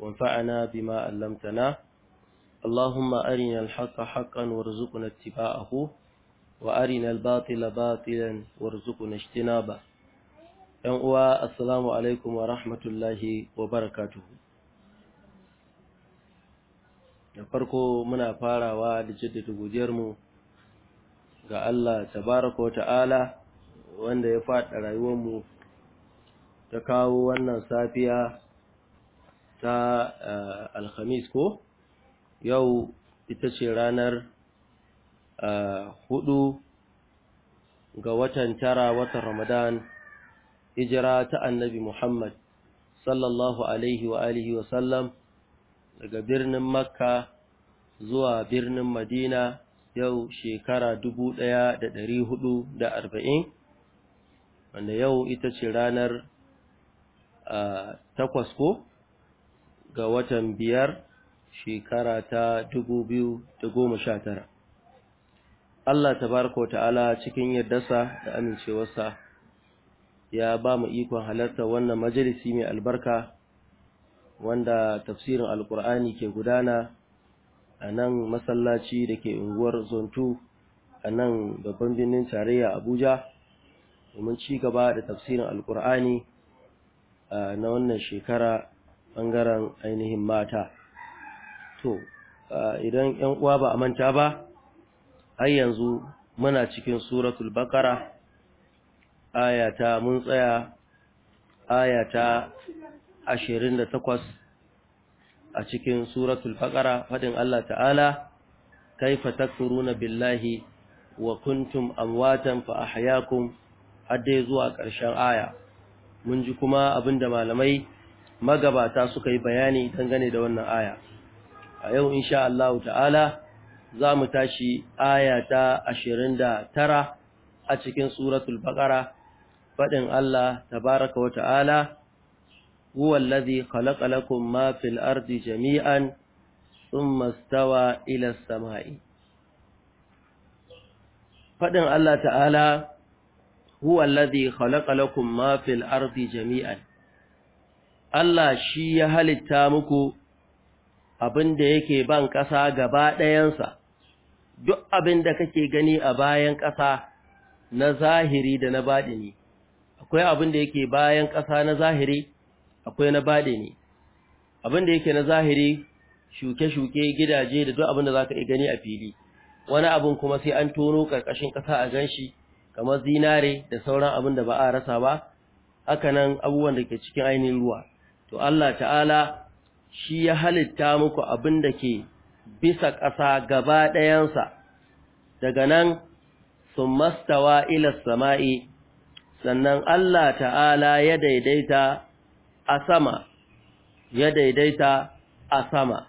وانفعنا بما علمتنا اللهم أرنا الحق حقا وارزقنا اتباعه وأرنا الباطل باطلا وارزقنا اجتنابه ‘Yan uwa, Assalamu alaikum wa rahmatullahi wa barakatuhu. Da farko muna farawa da jaddada godiyarmu ga Allah tabaraka wa ta'ala wanda ya faɗa rayuwarmu ta kawo wannan safiya ta eh, alhamis ko yau ita ce ranar eh, hudu ga watan tara watan ramadan hijira ta annabi muhammad sallallahu alaihi wa alihi wa sallam daga birnin makka zuwa birnin madina yau shekara dubu ɗaya da dari hudu da arba'in wanda yau ita ce ranar eh, takwas ko ga watan biyar shekara ta dubu biyu goma sha da tara. Allah tabaraka ta'ala cikin yardarsa da amincewarsa ya ba mu ikon halarta wannan majalisi mai albarka wanda tafsirin alkur'ani ke gudana a nan masallaci da ke unguwar zontu a nan babban birnin tarayya abuja domin ci gaba da tafsirin alkur'ani na wannan shekara Ɓangaren ainihin mata to idan yan uwa ba a manta ba har yanzu muna cikin suratul baqara ayata mun tsaya ayata 28 a cikin suratul baqara fadin Allah ta'ala kaifa takfuruna billahi wa kuntum amwatan fa ahyaakum har zuwa ƙarshen aya mun ji kuma abinda malamai magabata suka yi bayani dangane da wannan aya a yau insha Allah ta'ala za mu tashi aya ta 29 a cikin suratul baqara fadin Allah tabaaraka wa ta'ala huwa allazi khalaqa lakum ma fil ardi jami'an thumma istawa ila as-sama'i fadin Allah ta'ala huwa allazi khalaqa lakum ma fil ardi jami'an Allah shi ya halitta muku abin da yake ban ƙasa gaba ɗayansa, duk abin da kake gani a bayan ƙasa na zahiri da na baɗini, akwai abin da yake bayan ƙasa na zahiri, akwai na baɗini. Abin da yake na zahiri shuke-shuke gidaje da duk abin da za ka gani a fili, wani abin kuma sai an tono ƙarƙashin ƙasa a gan shi, kamar zinare da sauran abin da ba a rasa ba, haka nan abubuwan da ke cikin ainihin ruwa. to Allah ta'ala shi ya halitta muku abin da ke bisa ƙasa gaba ɗayansa daga nan sun mastawa ilas sama'i sannan Allah ta'ala ya daidaita a sama ya daidaita a sama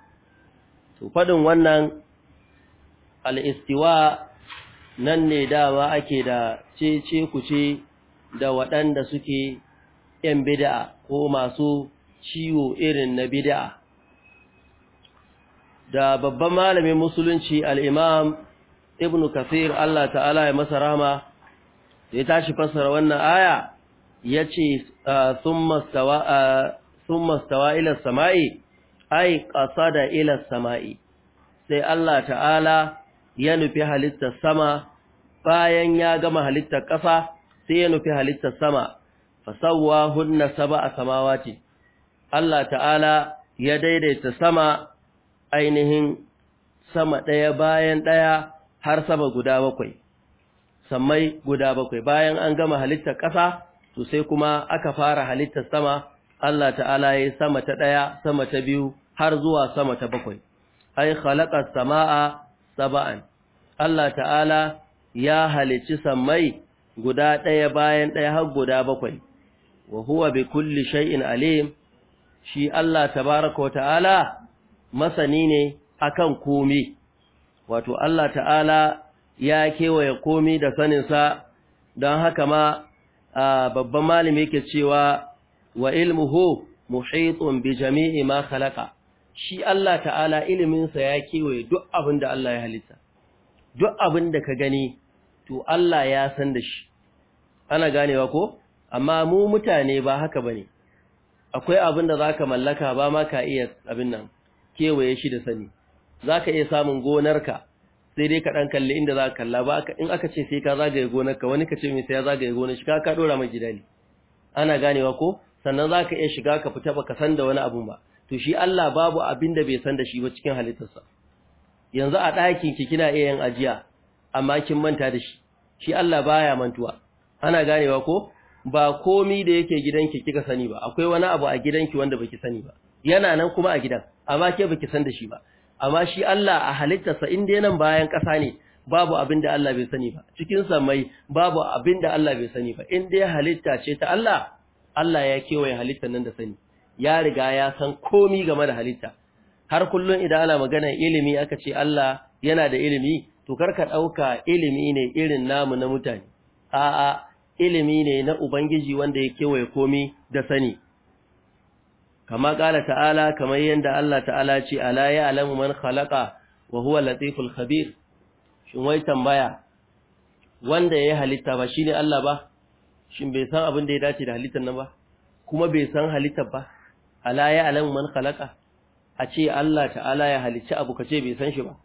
to faɗin wannan al'istiwa nan ne dama ake da cece kuce da waɗanda suke ‘yan bida'a ko masu ciwo irin na bid'a da babban malamin musulunci al-imam ibnu kathir Allah ta'ala ya masa rahma ya tashi fassara wannan aya yace thumma stawa thumma stawa ila samai ai qasada ila samai sai Allah ta'ala ya nufi halittar sama bayan ya gama halittar ƙasa sai ya nufi halittar sama fasawwahunna sab'a samawati Allah ta'ala ya daidaita sama ainihin sama ɗaya bayan ɗaya har sama guda bakwai, sammai guda bakwai bayan an gama halittar ƙasa, to sai kuma aka fara halittar sama, Allah ta'ala ya yi sama ta ɗaya, sama ta biyu, har zuwa sama ta bakwai. Ai, halakar sama'a saba'an, Allah ta'ala ya halicci sammai guda ɗaya bayan ɗaya har guda bakwai, wa huwa bi kulli shay'in alim, shi Allah tabaraka ta'ala masani ne akan komi. wato Allah ta'ala ya kewaye komi da sanin sa don haka ma babban malami yake cewa wa ilmuhu muhitun bi jami'i ma khalaqa shi Allah ta'ala iliminsa ya kewaye duk abin da Allah ya halitta duk abin da ka gani to Allah ya san da shi ana ganewa ko amma mu mutane ba haka bane akwai abin da zaka mallaka ba ma ka iya abin nan kewaye shi da sani zaka iya samun gonarka sai dai ka dan kalle inda zaka kalla ba in aka ce sai ka zagaye gonarka wani ka ce me sai ya zagaye gonar shi ka ka dora mai gidali ana ganewa ko sannan zaka iya shiga ka fita ka san da wani abun ba to shi Allah babu abin da bai san da shi ba cikin halittarsa yanzu a ɗakin ki kina iya yin ajiya amma kin manta da shi shi Allah baya mantuwa ana ganewa ko ba komi da yake gidanki kika sani ba akwai wani abu a gidanki wanda baki sani ba yana nan kuma a gidan amma ke baki san da shi ba amma shi Allah a halittarsa in dai nan bayan kasa ne babu abin da Allah bai sani ba cikin mai babu abin da Allah bai sani ba in ya halitta ce ta Allah Allah ya kewaye halitta nan da sani ya riga ya san komi game da halitta har kullun idan ana magana ilimi aka ce Allah yana da ilimi to karka dauka ilimi ne irin namu na mutane a'a ilimi ne na Ubangiji wanda ya kewaye komi da sani. Kama ƙala ta'ala, kama yadda Allah ta'ala ce, Ala ya alamu man khalaka wa huwa latiful khabir, shin wai tambaya, wanda ya halitta ba shi ne Allah ba, shin bai san abin da ya dace da halittar nan ba, kuma bai san halittar ba, Ala ya alamu man khalaka, a ce Allah ta'ala ya halicci abu kace bai san shi ba,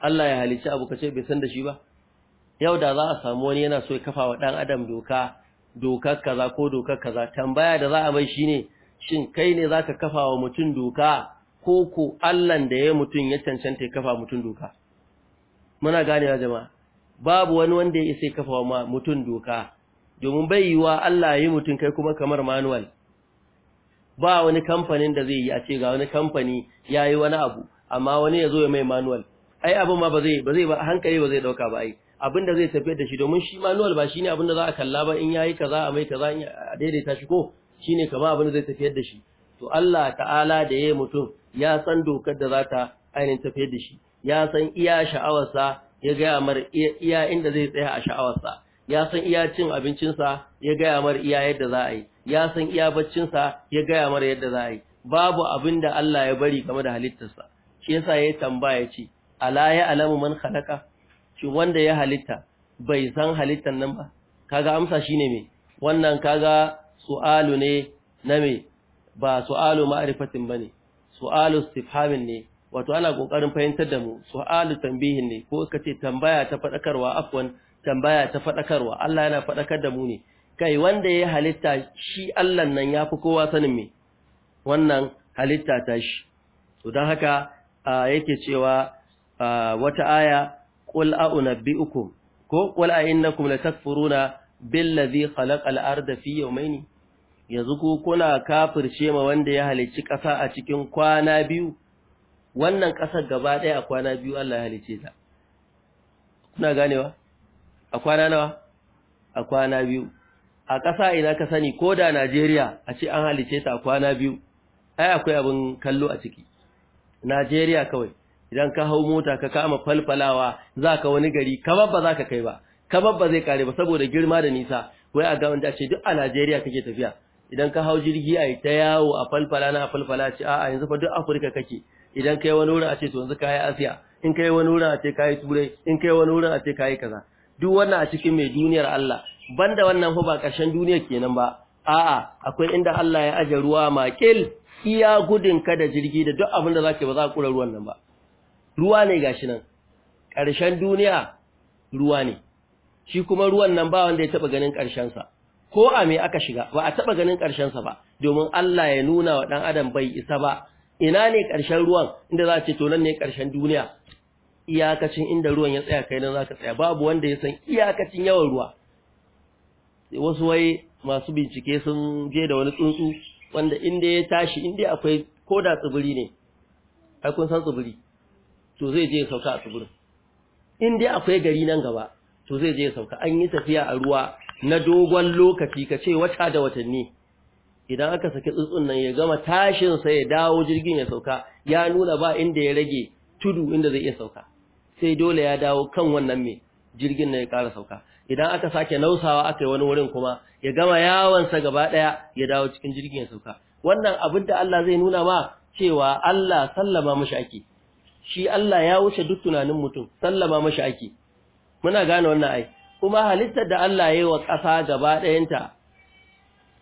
Allah ya halicci abu kace bai san da shi ba. yau da za a samu wani yana so ya kafa wa ɗan adam doka dokar kaza ko doka kaza tambaya da za a mai shine shin kai ne zaka kafa wa mutum doka ko ko allan da ya mutum ya cancanta ya kafa mutum doka muna gane ya jama'a babu wani wanda ya isa kafa wa mutum doka domin bai yiwa Allah ya yi mutum kai kuma kamar manual ba wani kamfanin da zai yi a ce ga wani kamfani ya yi wani abu amma wani ya zo ya mai manual ai abin ma ba zai ba hankali ba zai ɗauka ba ai abin da zai tafiyar da shi domin shi manual ba shine abin da za a kalla ba in ya yayi kaza a mai kaza a daidaita shi ko shine kamar abin da zai tafiyar da shi to Allah ta'ala da yayi mutum ya san dokar da za ta ainihin tafiyar da shi ya san iya sha'awarsa ya gaya mar iya inda zai tsaya a sha'awarsa ya san iya cin abincinsa ya gaya mar iya yadda za a yi ya san iya baccinsa ya gaya mar yadda za a yi babu abin da Allah ya bari game da halittarsa shi yasa ya tambaya ce ala ya alamu man khalaqa shi wanda ya halitta bai san halittan nan ba kaga amsa shine me wannan kaga su'alu ne na me ba su'alu ma'rifatin bane su'alu istifhamin ne wato ana kokarin fahimtar da mu su'alu tambihin ne ko kace tambaya ta fadakarwa afwan tambaya ta fadakarwa Allah yana fadakar da mu ne kai wanda ya halitta shi Allah nan yafi kowa sanin me wannan halitta ta shi to dan haka yake cewa wata aya qul a'unabbi'ukum ko qul a innakum latakfuruna billazi khalaqal arda fi yawmayni yanzu ku kuna kafirce ma wanda ya halicci ƙasa a cikin kwana biyu wannan ƙasar gaba ɗaya a kwana biyu Allah ya halicce ta kuna ganewa a kwana nawa a kwana biyu a ƙasa ina ka sani ko da Najeriya a ce an halicce ta a kwana biyu ai akwai abin kallo a ciki Najeriya kawai idan ka hau mota ka kama falfalawa za ka wani gari ka babba za ka kai ba ka babba zai kare ba saboda girma da nisa wai a gaban ce duk a Najeriya kake tafiya idan ka hau jirgi a ta yawo a falfala na falfala ce a'a yanzu fa duk Afirka kake idan kai wani wurin a ce to yanzu kai Asiya in kai wani wurin a ce kai Turai in kai wani wurin a ce kai kaza duk wannan a cikin mai duniyar Allah banda wannan fa ba ƙarshen duniya kenan ba a'a akwai inda Allah ya aje ruwa maƙil iya gudun ka da jirgi da duk abin da ba za ka kura ruwan nan ba ruwa ne gashi nan ƙarshen duniya ruwa ne shi kuma ruwan nan ba wanda ya taɓa ganin ƙarshensa ko a me aka shiga ba a taɓa ganin ƙarshensa ba domin Allah ya nuna wa ɗan adam bai isa ba ina ne ƙarshen ruwan inda za a ce to nan ne ƙarshen duniya iyakacin inda ruwan ya tsaya kai nan za ka tsaya babu wanda ya san iyakacin yawan ruwa wasu wai masu bincike sun je da wani tsuntsu wanda inda ya tashi inda akwai ko da tsibiri ne ai kun san tsibiri to zai je sauka a tsibirin in dai akwai gari nan gaba to zai je ya sauka an yi tafiya a ruwa na dogon lokaci ka ce wata da watanni idan aka saki tsuntsun nan ya gama tashin sa ya dawo jirgin ya sauka ya nuna ba inda ya rage tudu inda zai iya sauka sai dole ya dawo kan wannan mai jirgin na ya ƙara sauka idan aka sake nausawa aka yi wani wurin kuma ya gama yawonsa gaba ɗaya ya dawo cikin jirgin ya sauka wannan abin da Allah zai nuna ma cewa Allah sallama mashi ake shi Allah ya wuce duk tunanin mutum sallama mashi ake muna gane wannan ai kuma halittar da Allah ya yi wa ƙasa gaba ɗayanta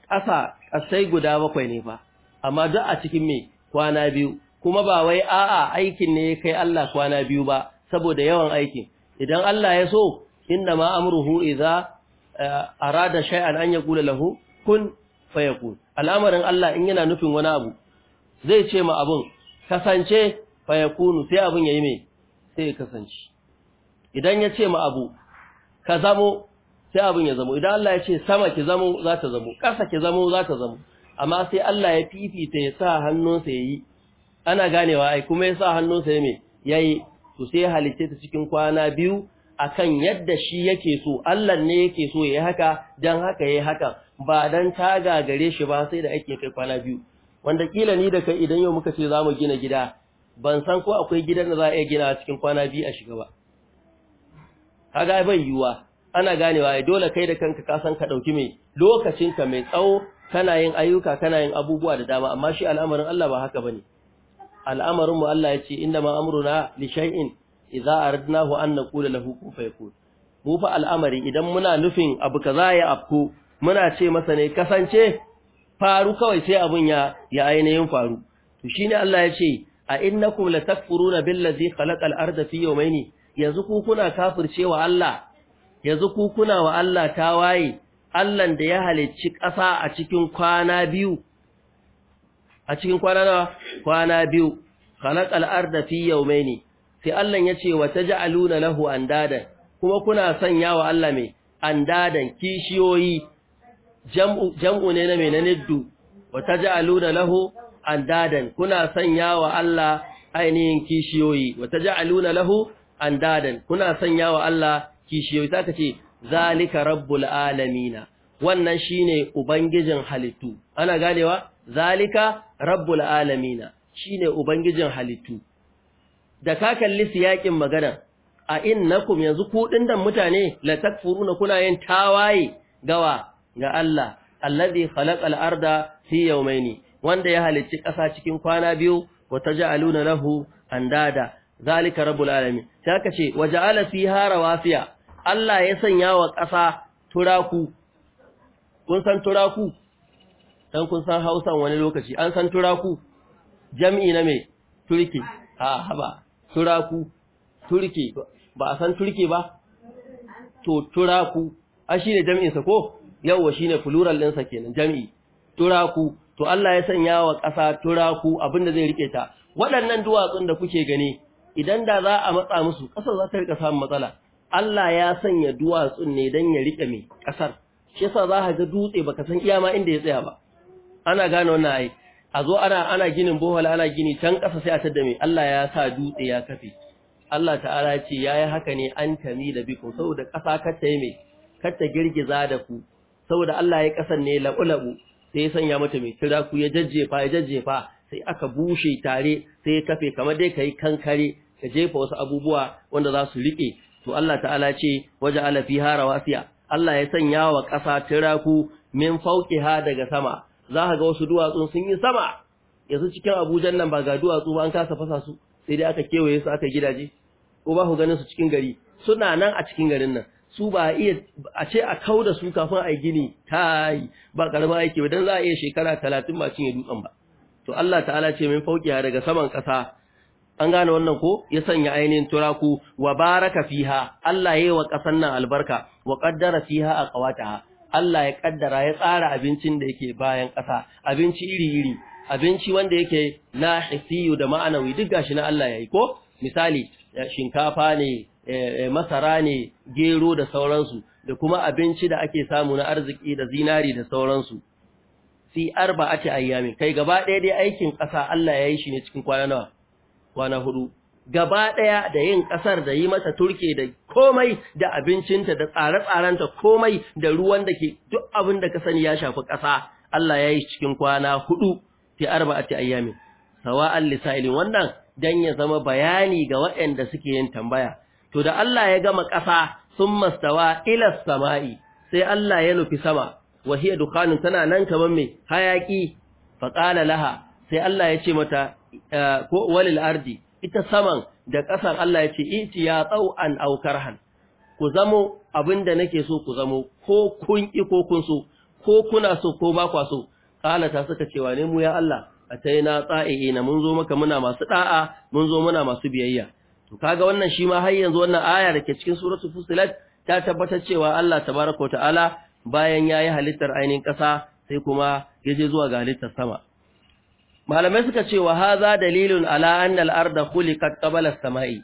ƙasa ƙasai guda bakwai ne fa amma duk a cikin mai kwana biyu kuma ba wai a'a aikin ne ya kai Allah kwana biyu ba saboda yawan aikin idan Allah ya so inda ma amruhu idza eh, arada shay'an an yaqula lahu kun fayakun al'amarin Allah in yana nufin wani abu zai ce ma abun kasance fa kunu sai abin yayi me sai ya kasance idan ya ce ma abu ka zamo sai abin ya zamo idan Allah ya ce sama ki zamo za ta zamo ƙasa ki zamo za ta zamo amma sai Allah ya fifita ya sa hannunsa yayi ana ganewa ai kuma ya sa hannunsa ya me yayi to sai halitta ta cikin kwana biyu a kan yadda shi yake so Allah ne yake so yayi haka dan haka yayi haka ba dan ta gagare shi ba sai da ake kai kwana biyu wanda kila ni da kai idan yau muka ce za mu gina gida ban san ko akwai gidan da za a iya gina cikin kwana biyu a shiga ba Haga ban yiwuwa ana ganewa ya dole kai da kanka ka san ka ɗauki mai lokacin ka mai tsawo kana yin ayyuka kana yin abubuwa da dama amma shi al'amarin Allah ba haka ne al'amarin mu Allah ya yace inda ma za a shay'in na aradnahu an da lahu kun fayakun mu fa al'amari idan muna nufin abu ka kaza ya afku muna ce masa ne kasance faru kawai sai abun ya ya ainihin faru to shi ne Allah ya ce. a innakum latakfuruna billazi khalaqal arda fi yawmayn yanzu ku kuna kafircewa Allah yanzu ku kuna wa Allah tawaye Allahn da ya halicci ƙasa a cikin kwana biyu a cikin kwana nawa kwana biyu khalaqal arda fi yawmayn sai Allah ya ce wa taj'aluna lahu andadan kuma kuna sanya wa Allah me andadan kishiyoyi jam'u jam'u ne na me na niddu wa taj'aluna lahu andadan kuna sanya wa Allah ainihin kishiyoyi wa aluna lahu andadan kuna sanya wa Allah kishiyoyi zaka ce zalika rabbul alamina wannan shine ubangijin halittu ana ganewa zalika rabbul alamina shine ubangijin halittu da ka kalli siyakin magana a innakum yanzu ku da mutane la takfuruna kuna yin tawaye gawa ga Allah allazi khalaqal arda fi yawmayni wanda ya halicci ƙasa cikin kwana biyu wa taj'aluna lahu andada zalika rabbul alamin sai aka ce waja'ala fiha rawasiya Allah ya sanya wa ƙasa turaku kun san turaku dan kun san Hausan wani lokaci an san turaku jami'i na me turki ha haba turaku turki ba a san turki ba to turaku a shine jami'in sa ko yawa shine plural din sa kenan jami'i turaku to Allah ya sanya wa ƙasa turaku abinda zai rike ta waɗannan duwatsun da kuke gani idan da za a matsa musu ƙasar za ta rika samun matsala Allah ya sanya duwatsun ne dan ya rike mai ƙasar shi yasa za ka ga dutse baka san iya ma inda ya tsaya ba ana gane wannan ai a zo ana ana ginin bohol ana gini can ƙasa sai a tada mai Allah ya sa dutse ya kafe Allah ta'ala ce yayi haka ne an tami da biko saboda ƙasa kar ta yi mai kar girgiza da ku saboda Allah ya ƙasan ne labu-labu sai ya sanya mata mai tiraku ku ya jajjefa ya jajjefa sai aka bushe tare sai ya kafe kamar dai kai kankare ka jefa wasu abubuwa wanda za su rike to Allah ta'ala ce waje ala fiha rawasiya Allah ya sanya wa ƙasa tiraku min ha daga sama za ka ga wasu duwatsun sun yi sama yanzu cikin abujan nan ba ga duwatsu ba an kasa fasa su sai dai aka kewaye su aka gidaje ko ba ku ganin su cikin gari suna nan a cikin garin nan su ba a iya a ce a kau da su kafin a yi gini yi ba karama aiki dan za a iya shekara talatin ba cinye dutsen ba to Allah ta'ala ce min faukiya daga saman ƙasa an gane wannan ko ya sanya ainihin turaku wa baraka fiha Allah Ya yi wa ƙasar nan albarka wa ƙaddara fiha a ƙawata. Allah ya ƙaddara ya tsara abincin da yake bayan ƙasa abinci iri-iri abinci wanda yake na hisiyu da ma'anawi duk gashi na Allah Ya yi. ko misali shinkafa ne Eh, eh, masara ne gero da sauransu da kuma abinci da ake samu na arziki da zinari da sauransu fi arba'ati ayyami kai gaba ɗaya dai aikin ƙasa Allah ya yi shi ne cikin kwana nawa kwana hudu gaba ɗaya da yin ƙasar da yi mata turke da komai da abincinta da tsare-tsarenta komai da ruwan da ke duk abin da ka sani ya shafi ƙasa Allah ya yi cikin kwana hudu fi arba'ati ayyami sawa'an lisailin wannan dan ya zama bayani ga waɗanda suke yin tambaya to da Allah ya gama ƙasa sun mastawa ilas sama'i sai Allah ya nufi sama wa hiya tana nan kamar mai hayaƙi fa laha sai Allah ya ce mata eh, ko walil ardi ita saman da ƙasan Allah ya ce iti ya an aukar han, ku zamo abin da nake so ku zamo ko kun ƙi ko kun so, ko kuna so ko ba kwa so, ta suka cewa ne mu ya Allah, a ta yi na tsa'i'i mun zo maka muna masu ɗa'a, mun zo muna masu biyayya. to kaga wannan shi ma har yanzu wannan aya da ke cikin suratu fusilat ta tabbatar cewa Allah tabaraka ta'ala bayan yi halittar ainihin ƙasa sai kuma je zuwa ga halittar sama malamai suka ce wa haza dalilun ala anna al-arda khuliqat qabla as-sama'i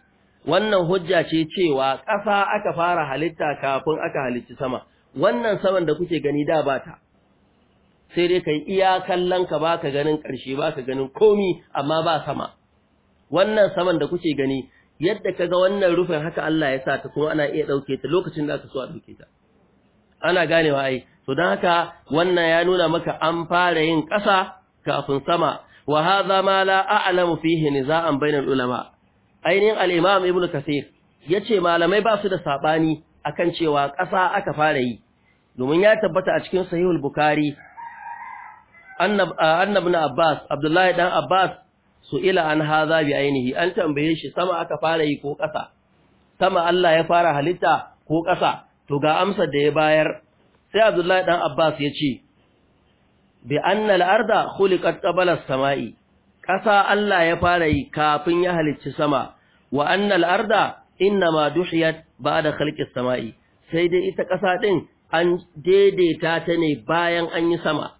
wannan hujja ce cewa ƙasa aka fara halitta kafin aka halicci sama wannan saman da kuke gani da bata sai dai kai iya kallon ka baka ganin ƙarshe baka ganin komi amma ba sama wannan saman da kuke gani yadda ka ga wannan rufin haka Allah ya sa ta kuma ana iya ɗauke ta lokacin da aka so a ɗauke ta ana ganewa ai to don haka wannan ya nuna maka an fara yin ƙasa kafin sama wa hadha ma la a'lamu fihi niza'an bainal ulama ainihin al-imam ibn kathir ce malamai ba su da sabani akan cewa ƙasa aka fara yi domin ya tabbata a cikin sahihul bukhari annab annabna abbas abdullahi dan abbas su ila an haza bi ainihi an tambaye shi sama aka fara yi ko ƙasa sama Allah ya fara halitta ko ƙasa to ga amsar da ya bayar sai Abdullahi dan Abbas ya ce bi anna al-arda khuliqat qabla as-sama'i ƙasa Allah ya fara yi kafin ya halicci sama wa anna al-arda innama duhiyat ba'da khalqi as-sama'i sai dai ita ƙasa din an daidaita ta ne bayan an yi sama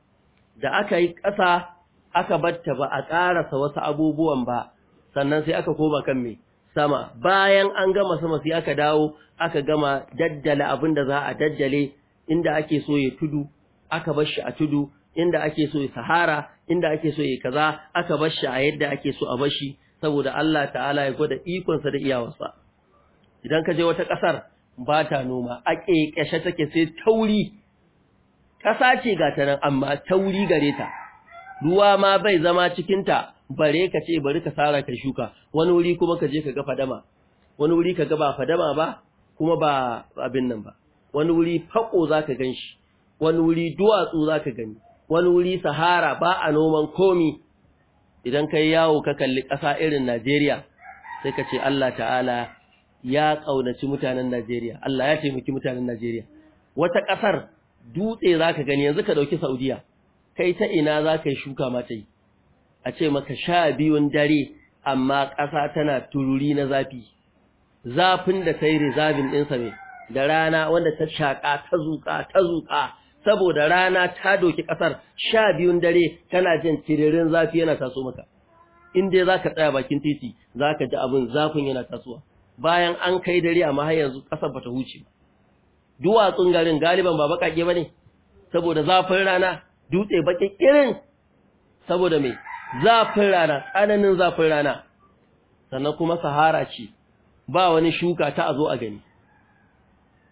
da aka yi ƙasa aka batta ba a ƙarasa wasu abubuwan ba sannan sai aka koma kan me sama bayan an gama sama sai aka dawo aka gama daddala abin da za a daddale inda ake so ya tudu aka bar shi a tudu inda ake so ya sahara inda ake so ya kaza aka bar shi a yadda ake so a bar shi saboda Allah ta'ala ya gwada ikonsa da iyawarsa idan ka je wata ƙasar ba ta noma a ƙeƙashe take sai tauri ƙasa ce ga ta nan amma tauri gare ta ruwa ma bai zama cikinta bare ka ce bari ka sara ka shuka wani wuri kuma ka je ka ga fadama wani wuri ka ga ba fadama ba kuma ba abin nan ba wani wuri fako za ka gan shi wani wuri duwatsu za ka gani wani wuri sahara ba a noman komi idan ka yi yawo ka kalli ƙasa irin najeriya sai ka ce allah ta'ala ya ƙaunaci mutanen najeriya allah ya taimaki mutanen najeriya wata ƙasar dutse za ka gani yanzu ka ɗauki saudiya kai ta ina za ka yi shuka mata yi a ce maka sha biyun dare amma ƙasa tana tururi na zafi zafin da ta yi rizabin ɗinsa mai da rana wanda ta shaƙa ta zuƙa ta zuƙa saboda rana ta doki ƙasar sha biyun dare tana jin tiririn zafi yana taso maka in dai za ka tsaya bakin titi za ka ji abin zafin yana tasowa bayan an kai dare a har yanzu ƙasar ba huce duwatsun garin galiban ba baƙaƙe ba ne saboda zafin rana dutse baki kirin saboda mai zafin rana tsananin zafin rana sannan kuma sahara ce ba wani shuka ta azo a gani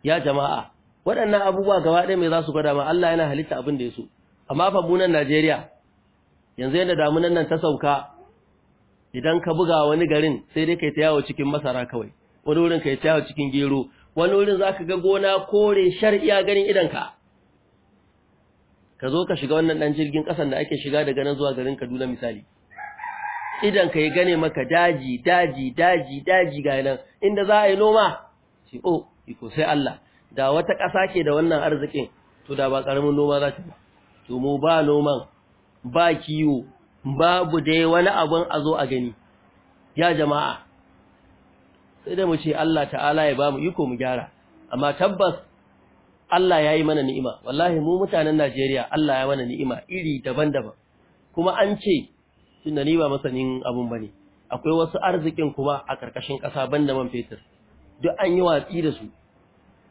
ya jama'a waɗannan abubuwa gaba ɗaya mai za su gwada ma Allah yana halitta abin da ya so amma fa munan Najeriya yanzu yadda damunan nan ta sauka idan ka buga wani garin sai dai kai ta yawo cikin masara kawai wani wurin kai ta yawo cikin gero wani wurin zaka ga gona kore shar'iya ganin idanka ka zo ka shiga wannan dan jirgin kasan da ake shiga daga nan zuwa garin Kaduna misali idan ka gane maka daji daji daji daji ga nan inda za a yi noma ce oh iko sai Allah da wata kasa ke da wannan arzikin to da ba ƙaramin noma za ta ba to mu ba noman ba kiwo babu dai wani abun a zo a gani ya jama'a sai da mu ce Allah ta'ala ya ba mu iko mu gyara amma tabbas Allah ya yi mana ni'ima wallahi mu mutanen Najeriya Allah ya mana ni'ima iri daban-daban kuma an ce tunda ni ba masanin abun bane akwai wasu arzikin kuma a karkashin ƙasa banda man fetur duk an yi watsi da su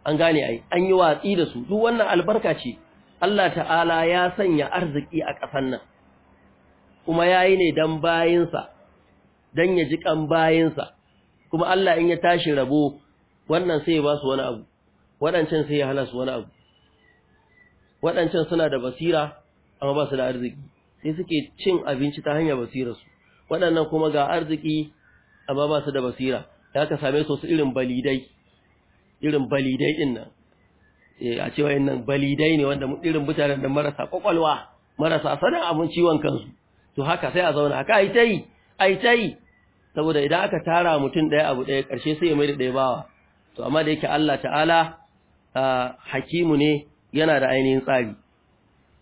an gane ai an yi watsi da su duk wannan albarka ce Allah ta'ala ya sanya arziki a ƙasan nan kuma yayi ne dan bayinsa dan ya ji kan bayinsa kuma Allah in ya tashi rabo wannan sai ba su wani abu waɗancan sai ya hana su wani abu waɗancan suna da basira amma ba su da arziki sai suke cin abinci ta hanyar basirarsu waɗannan kuma ga arziki amma ba su da basira da aka same su su irin balidai irin balidai ɗin nan eh, a cewa yin nan balidai ne wanda irin mutanen da marasa ƙwaƙwalwa, marasa sanin abin ciwon kansu to haka sai a zauna haka ai ta yi ai ta yi saboda idan aka tara mutum ɗaya abu ɗaya ƙarshe sai ya mai da ɗaya bawa to amma da yake Allah ta'ala hakimu ne yana da ainihin tsari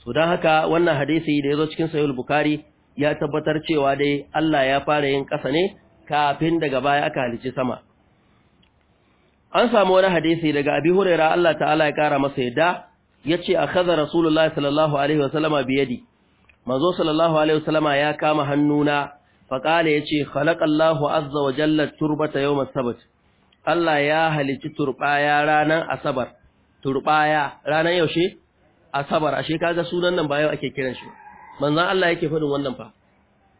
so don haka wannan hadisi da ya zo cikin sayul bukhari ya tabbatar cewa dai Allah ya fara yin ƙasa ne kafin daga baya aka halici sama an samu wani hadisi daga abi huraira Allah ta'ala ya kara masa yadda yace kaza Rasulullah sallallahu alaihi wasallama biyadi manzo sallallahu alaihi wasallama ya kama hannuna ya ce, Khalaƙallahu azza wa jalla turbata yau, as Allah ya halici ya ranar asabar turbaya ranar yaushe asabar ashe kaga sunan nan ba yau ake kiran shi manzon Allah yake faɗin wannan fa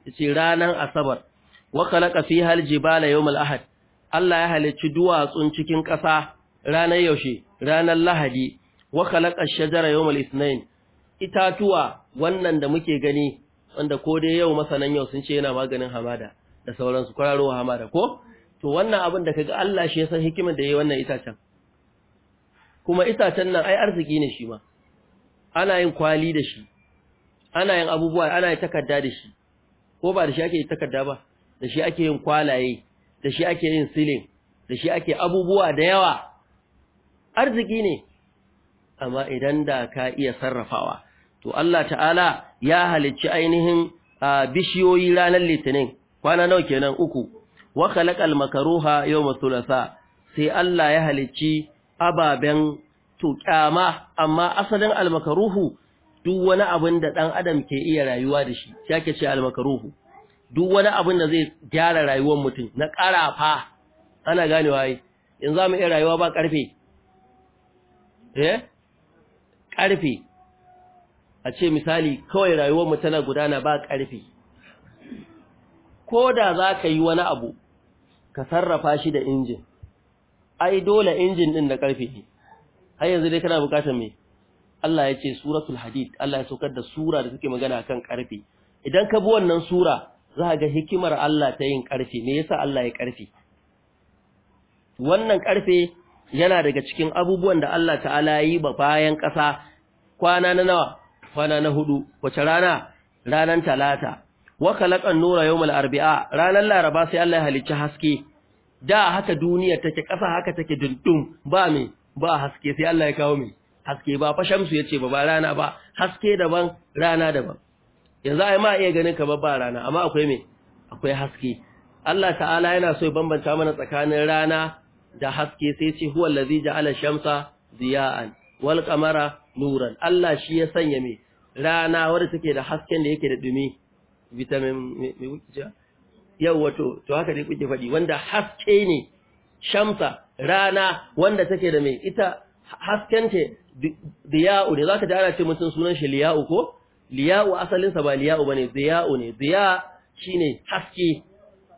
yace ranar asabar wa khalaqa fiha aljibala yawmal ahad Allah ya halicci duwatsun cikin ƙasa ranar yaushe ranar lahadi wa khalaqa ash-shajara yawmal ithnain itatuwa wannan da muke gani wanda ko dai yau masanan yau sun ce yana maganin hamada da sauransu kwararowa hamada ko to wannan abin da kaga Allah shi ya san hikimar da yayi wannan itacen kuma itacen nan ai arziki ne shi ma ana yin kwali da shi ana yin abubuwa ana yin takarda da shi ko ba da shi ake yin takarda ba da shi ake yin kwalaye da shi ake yin silin da shi ake abubuwa da yawa arziki ne amma idan da ka iya sarrafawa to Allah ta'ala ya halicci ainihin bishiyoyi ranar litinin kwana nawa kenan uku wa khalaqal makaruha yawm thulatha sai Allah ya halicci ababen to amma asalin almakaruhu duk wani abin da ɗan adam ke iya rayuwa da shi ya ke ce almakaruhu duk wani abin da zai gyara rayuwar mutum na ƙarafa ana ganewa in yanzu mu iya rayuwa ba ƙarfe eh? ƙarfe a ce misali kawai rayuwar mu tana gudana ba ƙarfe ko da za ka yi wani abu ka sarrafa shi da injin ai dole injin din da karfe ne har yanzu dai kana bukatar me Allah ya ce suratul hadid Allah ya saukar da sura da suke magana kan karfe idan ka bi wannan sura za ka ga hikimar Allah ta yin karfe me yasa Allah ya karfe wannan karfe yana daga cikin abubuwan da Allah ta'ala ya yi ba bayan ƙasa kwana na nawa kwana na hudu wace rana ranan talata wa khalaqan nura yawmal arba'a ranan laraba sai Allah ya halicci haske da haka duniya take ƙasa haka take dundum ba me ba haske sai Allah ya kawo me haske ba fa shamsu yace ba ba rana ba haske daban rana daban yanzu ai ma iya ganin kamar ba rana amma akwai me akwai haske Allah ta'ala yana so ya bambanta mana tsakanin rana da haske sai ce huwa allazi ja'ala shamsa diya'an wal qamara nuran Allah shi ya sanya me rana wanda take da hasken da yake da dumi vitamin me kuke yawa to to haka dai kuke faɗi wanda haske ne shamsa rana wanda take da mai ita haskente diya'u ne zaka ji ana ce mutum sunan shi liya'u ko liya'u asalinsa sa ba liya'u bane diya'u ne diya shine haske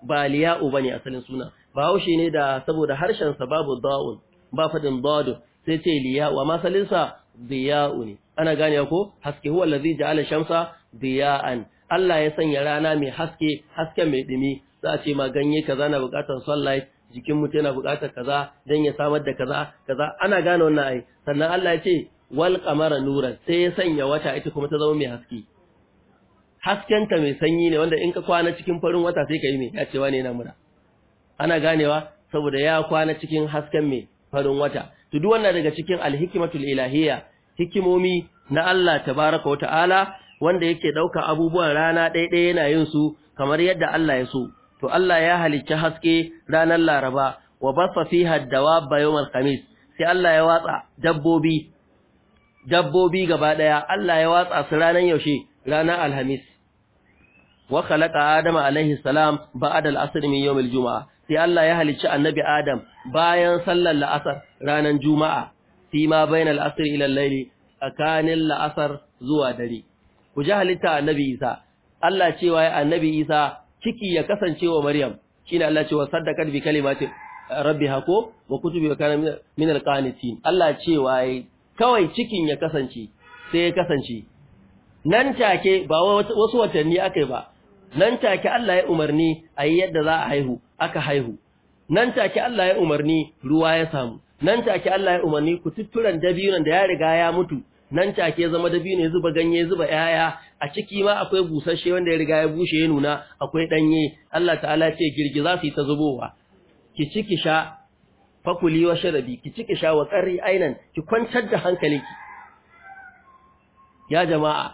ba liya'u bane asalin suna ba haushi ne da saboda harshen sa babu da'un ba fadin dadu sai ce liya'u amma asalin sa diya'u ne ana gane ko haske huwa allazi ja'ala shamsa diya'an Allah ya sanya rana mai haske haske mai dumi za a ce ma ganye kaza na buƙatar sunlight jikin mutum yana buƙatar kaza dan ya samar da kaza kaza ana gane wannan ai sannan Allah ya ce wal qamara nura, sai ya sanya wata ita kuma ta zama mai haske ta mai sanyi ne wanda in ka kwana cikin farin wata sai ka yi mai yacewa ne yana mura ana ganewa saboda ya kwana cikin hasken mai farin wata to duk wannan daga cikin alhikmatul ilahiyya hikimomi na Allah tabaraka wa ta'ala wanda yake ɗauka abubuwan rana ɗaiɗaya yana yin su kamar yadda Allah ya so to Allah ya halicci haske ranar Laraba wa basa fiha haddawa yawmal khamis sai Allah ya watsa dabbobi dabbobi gaba ɗaya Allah ya watsa su ranar yaushe ranar Alhamis wa khalaqa Adama alaihi salam ba'da al-asr min yawmil juma'a sai Allah ya halicci annabi Adam bayan sallar la'asar ranar juma'a fi ma bainal asr ila al-layli tsakanin la'asar zuwa dare ku ji halitta annabi Isa Allah cewa ya annabi Isa ciki ya kasance wa Maryam shine Allah cewa saddaqat bi kalimatin rabbiha ko wa kutubi wa kana min alqanitin Allah cewa kawai cikin ya kasance sai ya kasance nan take ba wasu watanni akai ba nan take Allah ya umarni a yi yadda za a haihu aka haihu nan take Allah ya umarni ruwa ya samu nan take Allah ya umarni ku tutturan dabiran da ya riga ya mutu nan take zama dabi ya zuba ganye zuba yaya a ciki ma akwai busasshe wanda ya riga ya bushe ya nuna akwai danye Allah ta'ala ce girgiza su ta zubowa ki ci sha fakuli wa sharabi ki ci ki sha wa qarri ainan ki kwantar da hankalinki ya jama'a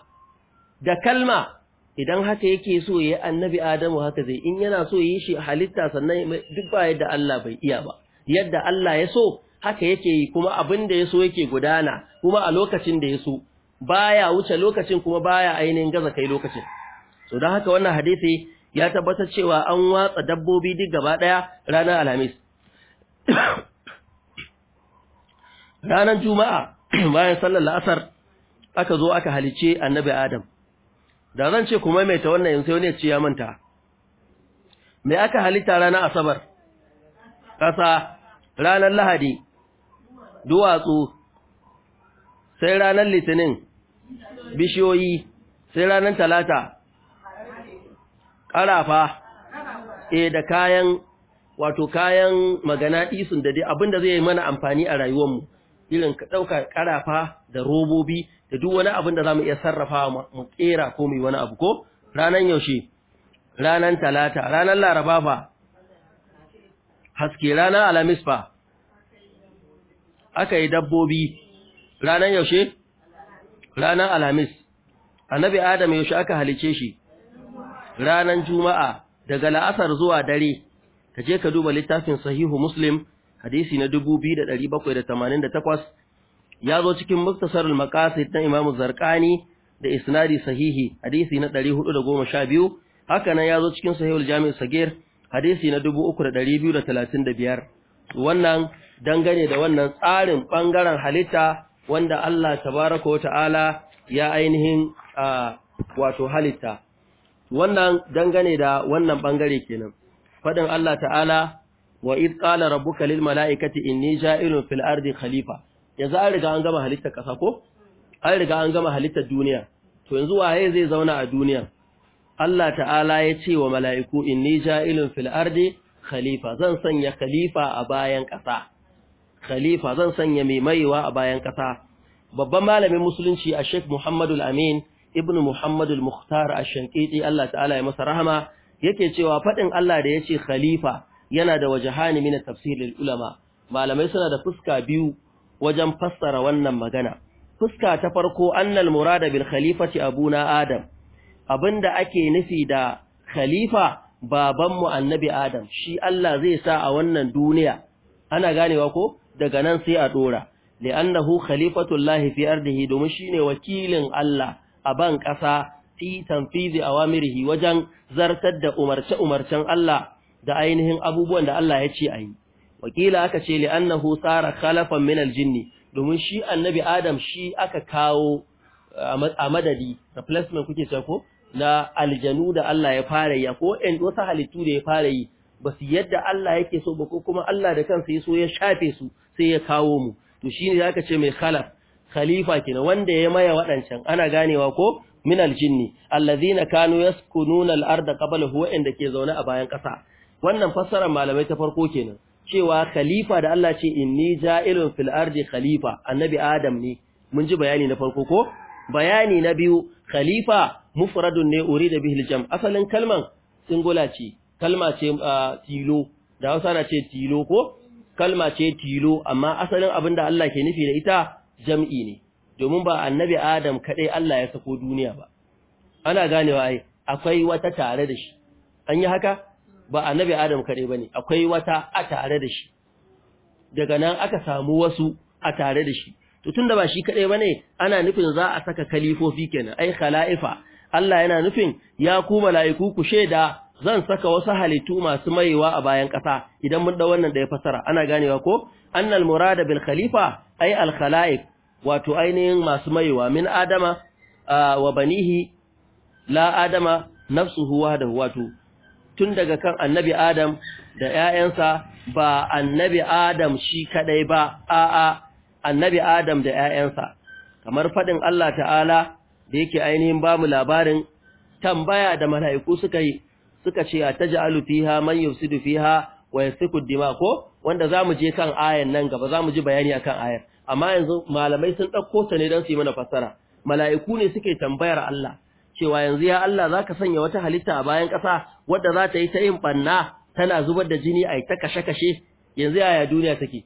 da kalma idan haka yake so yayi annabi adamu haka zai in yana so yi shi halitta sannan duk ba yadda Allah bai iya ba yadda Allah ya so haka yake yi kuma abin da ya so yake gudana kuma a lokacin da ya so baya wuce lokacin kuma baya ainihin gaza kai lokacin so don haka wannan hadisi ya tabbatar cewa an watsa dabbobi duk gaba daya ranar alhamis ranar juma'a bayan sallar la'asar aka zo aka halice annabi adam da zan ce kuma mai ta wannan yanzu ne ce ya manta me aka halitta ranar asabar ƙasa ranar lahadi duwatsu sai ranar litinin bishiyoyi sai ranar talata ƙarafa e da kayan wato kayan magana isun da dai abinda zai yi mana amfani a rayuwar mu, irin ka ɗauka ƙarafa da robobi da duk wani abin da za mu iya sarrafa mu ƙera ko mai wani abu ko ranar yaushe ranar talata ranar laraba haske ranar alamis ba aka yi dabbobi ranar yaushe ranar alhamis annabi adam yaushe aka halice shi ranar juma'a daga la'asar zuwa dare ka je ka duba littafin sahihu muslim hadisi na 2788 ya zo cikin muktasarul maqasid na imamu zarkani da isnadi sahihi hadisi na 412 haka nan ya zo cikin sahihul jami' sagir hadisi na 3235 wannan dangane da wannan tsarin ɓangaren halitta wanda Allah tabaraka wata'ala ya ainihin wato halitta wannan dangane da wannan ɓangare kenan faɗin Allah ta'ala wa id qala rabbuka lil mala'ikati inni ja'ilun fil ardi khalifa yanzu an riga an gama halittar ƙasa ko an riga an gama halittar duniya to yanzu waye zai zauna a duniya Allah ta'ala ya ce wa mala'iku inni ja'ilun fil ardi khalifa zan sanya khalifa a bayan ƙasa khalifa zan sanya mai maiwa a bayan ƙasa babban malamin musulunci a Sheikh Muhammadu Amin ibn Muhammadu Mukhtar Ash-Shankiti Allah ta'ala ya masa rahama yake cewa faɗin Allah da ya ce khalifa yana da wajahani min tafsirin ulama malamai suna da fuska biyu wajen fassara wannan magana fuska ta farko annal murada bil khalifati abuna adam abinda ake nufi da khalifa babanmu annabi adam shi Allah zai sa a wannan duniya ana ganewa ko daga nan sai a dora li'annahu khalifatullahi fi ardihi domin shine wakilin Allah a ban kasa fi tanfizi awamirihi wajen zartar da umarce umarcen Allah da ainihin abubuwan da Allah ya ce yi. wakila aka ce li'annahu sara khalafan min aljinni domin shi annabi Adam shi aka kawo a madadi replacement kuke cewa ko na aljanu da Allah ya fara yi ko ɗan wasu halittu da ya fara yi ba su yadda Allah yake so ba ko kuma Allah da kansa ya so ya shafe su sai ya kawo mu to shine zaka ce mai khalaf khalifa kina wanda ya maya wadancan ana ganewa ko min aljinni alladhina kanu yaskununa al-ardh qabla huwa inda ke zaune a bayan kasa wannan fassarar malamai ta farko kenan cewa khalifa da Allah ce inni ja'ilun fil ardi khalifa annabi adam ne mun ji bayani na farko ko bayani na biyu khalifa mufradun ne urida bihi al-jam asalin kalman singular ce kalma ce ah, tilo da Hausa na ce tilo ko kalma ce tilo amma asalin abin da Allah ke nufi da ita jam'i ne domin ba annabi Adam kadai Allah ya sako duniya ba ana ganewa ai akwai wata tare da shi an yi haka ba annabi Adam kaɗai bane akwai wata a tare da shi daga nan aka samu wasu a tare da shi to tunda ba shi kaɗai bane ana nufin za a saka kalifofi kenan ai khala'ifa Allah yana nufin ya ku mala'iku ku sheda zan saka wasu halittu masu maiwa a bayan ƙasa idan mun ɗau wannan da ya fasara ana ganewa ko annal murada bil khalifa ay al khalaiq wato ainihin masu maiwa min adama wa banihi la adama nafsuhu wahdahu wato tun daga kan annabi adam da ƴaƴansa ba annabi adam shi kadai ba a'a annabi adam da ƴaƴansa kamar fadin Allah ta'ala da yake ainihin bamu labarin tambaya da mala'iku suka yi suka ce ataj'alu fiha man yufsidu fiha wa yasfiku dima ko wanda zamu je kan ayan nan gaba zamu ji bayani akan ayar. amma yanzu malamai sun dauko ta ne dan su yi mana fassara mala'iku ne suke tambayar Allah cewa yanzu ya Allah zaka sanya wata halitta a bayan kasa wadda za ta yi ta yin banna tana zubar da jini ai ta kashe-kashe yanzu yaya duniya take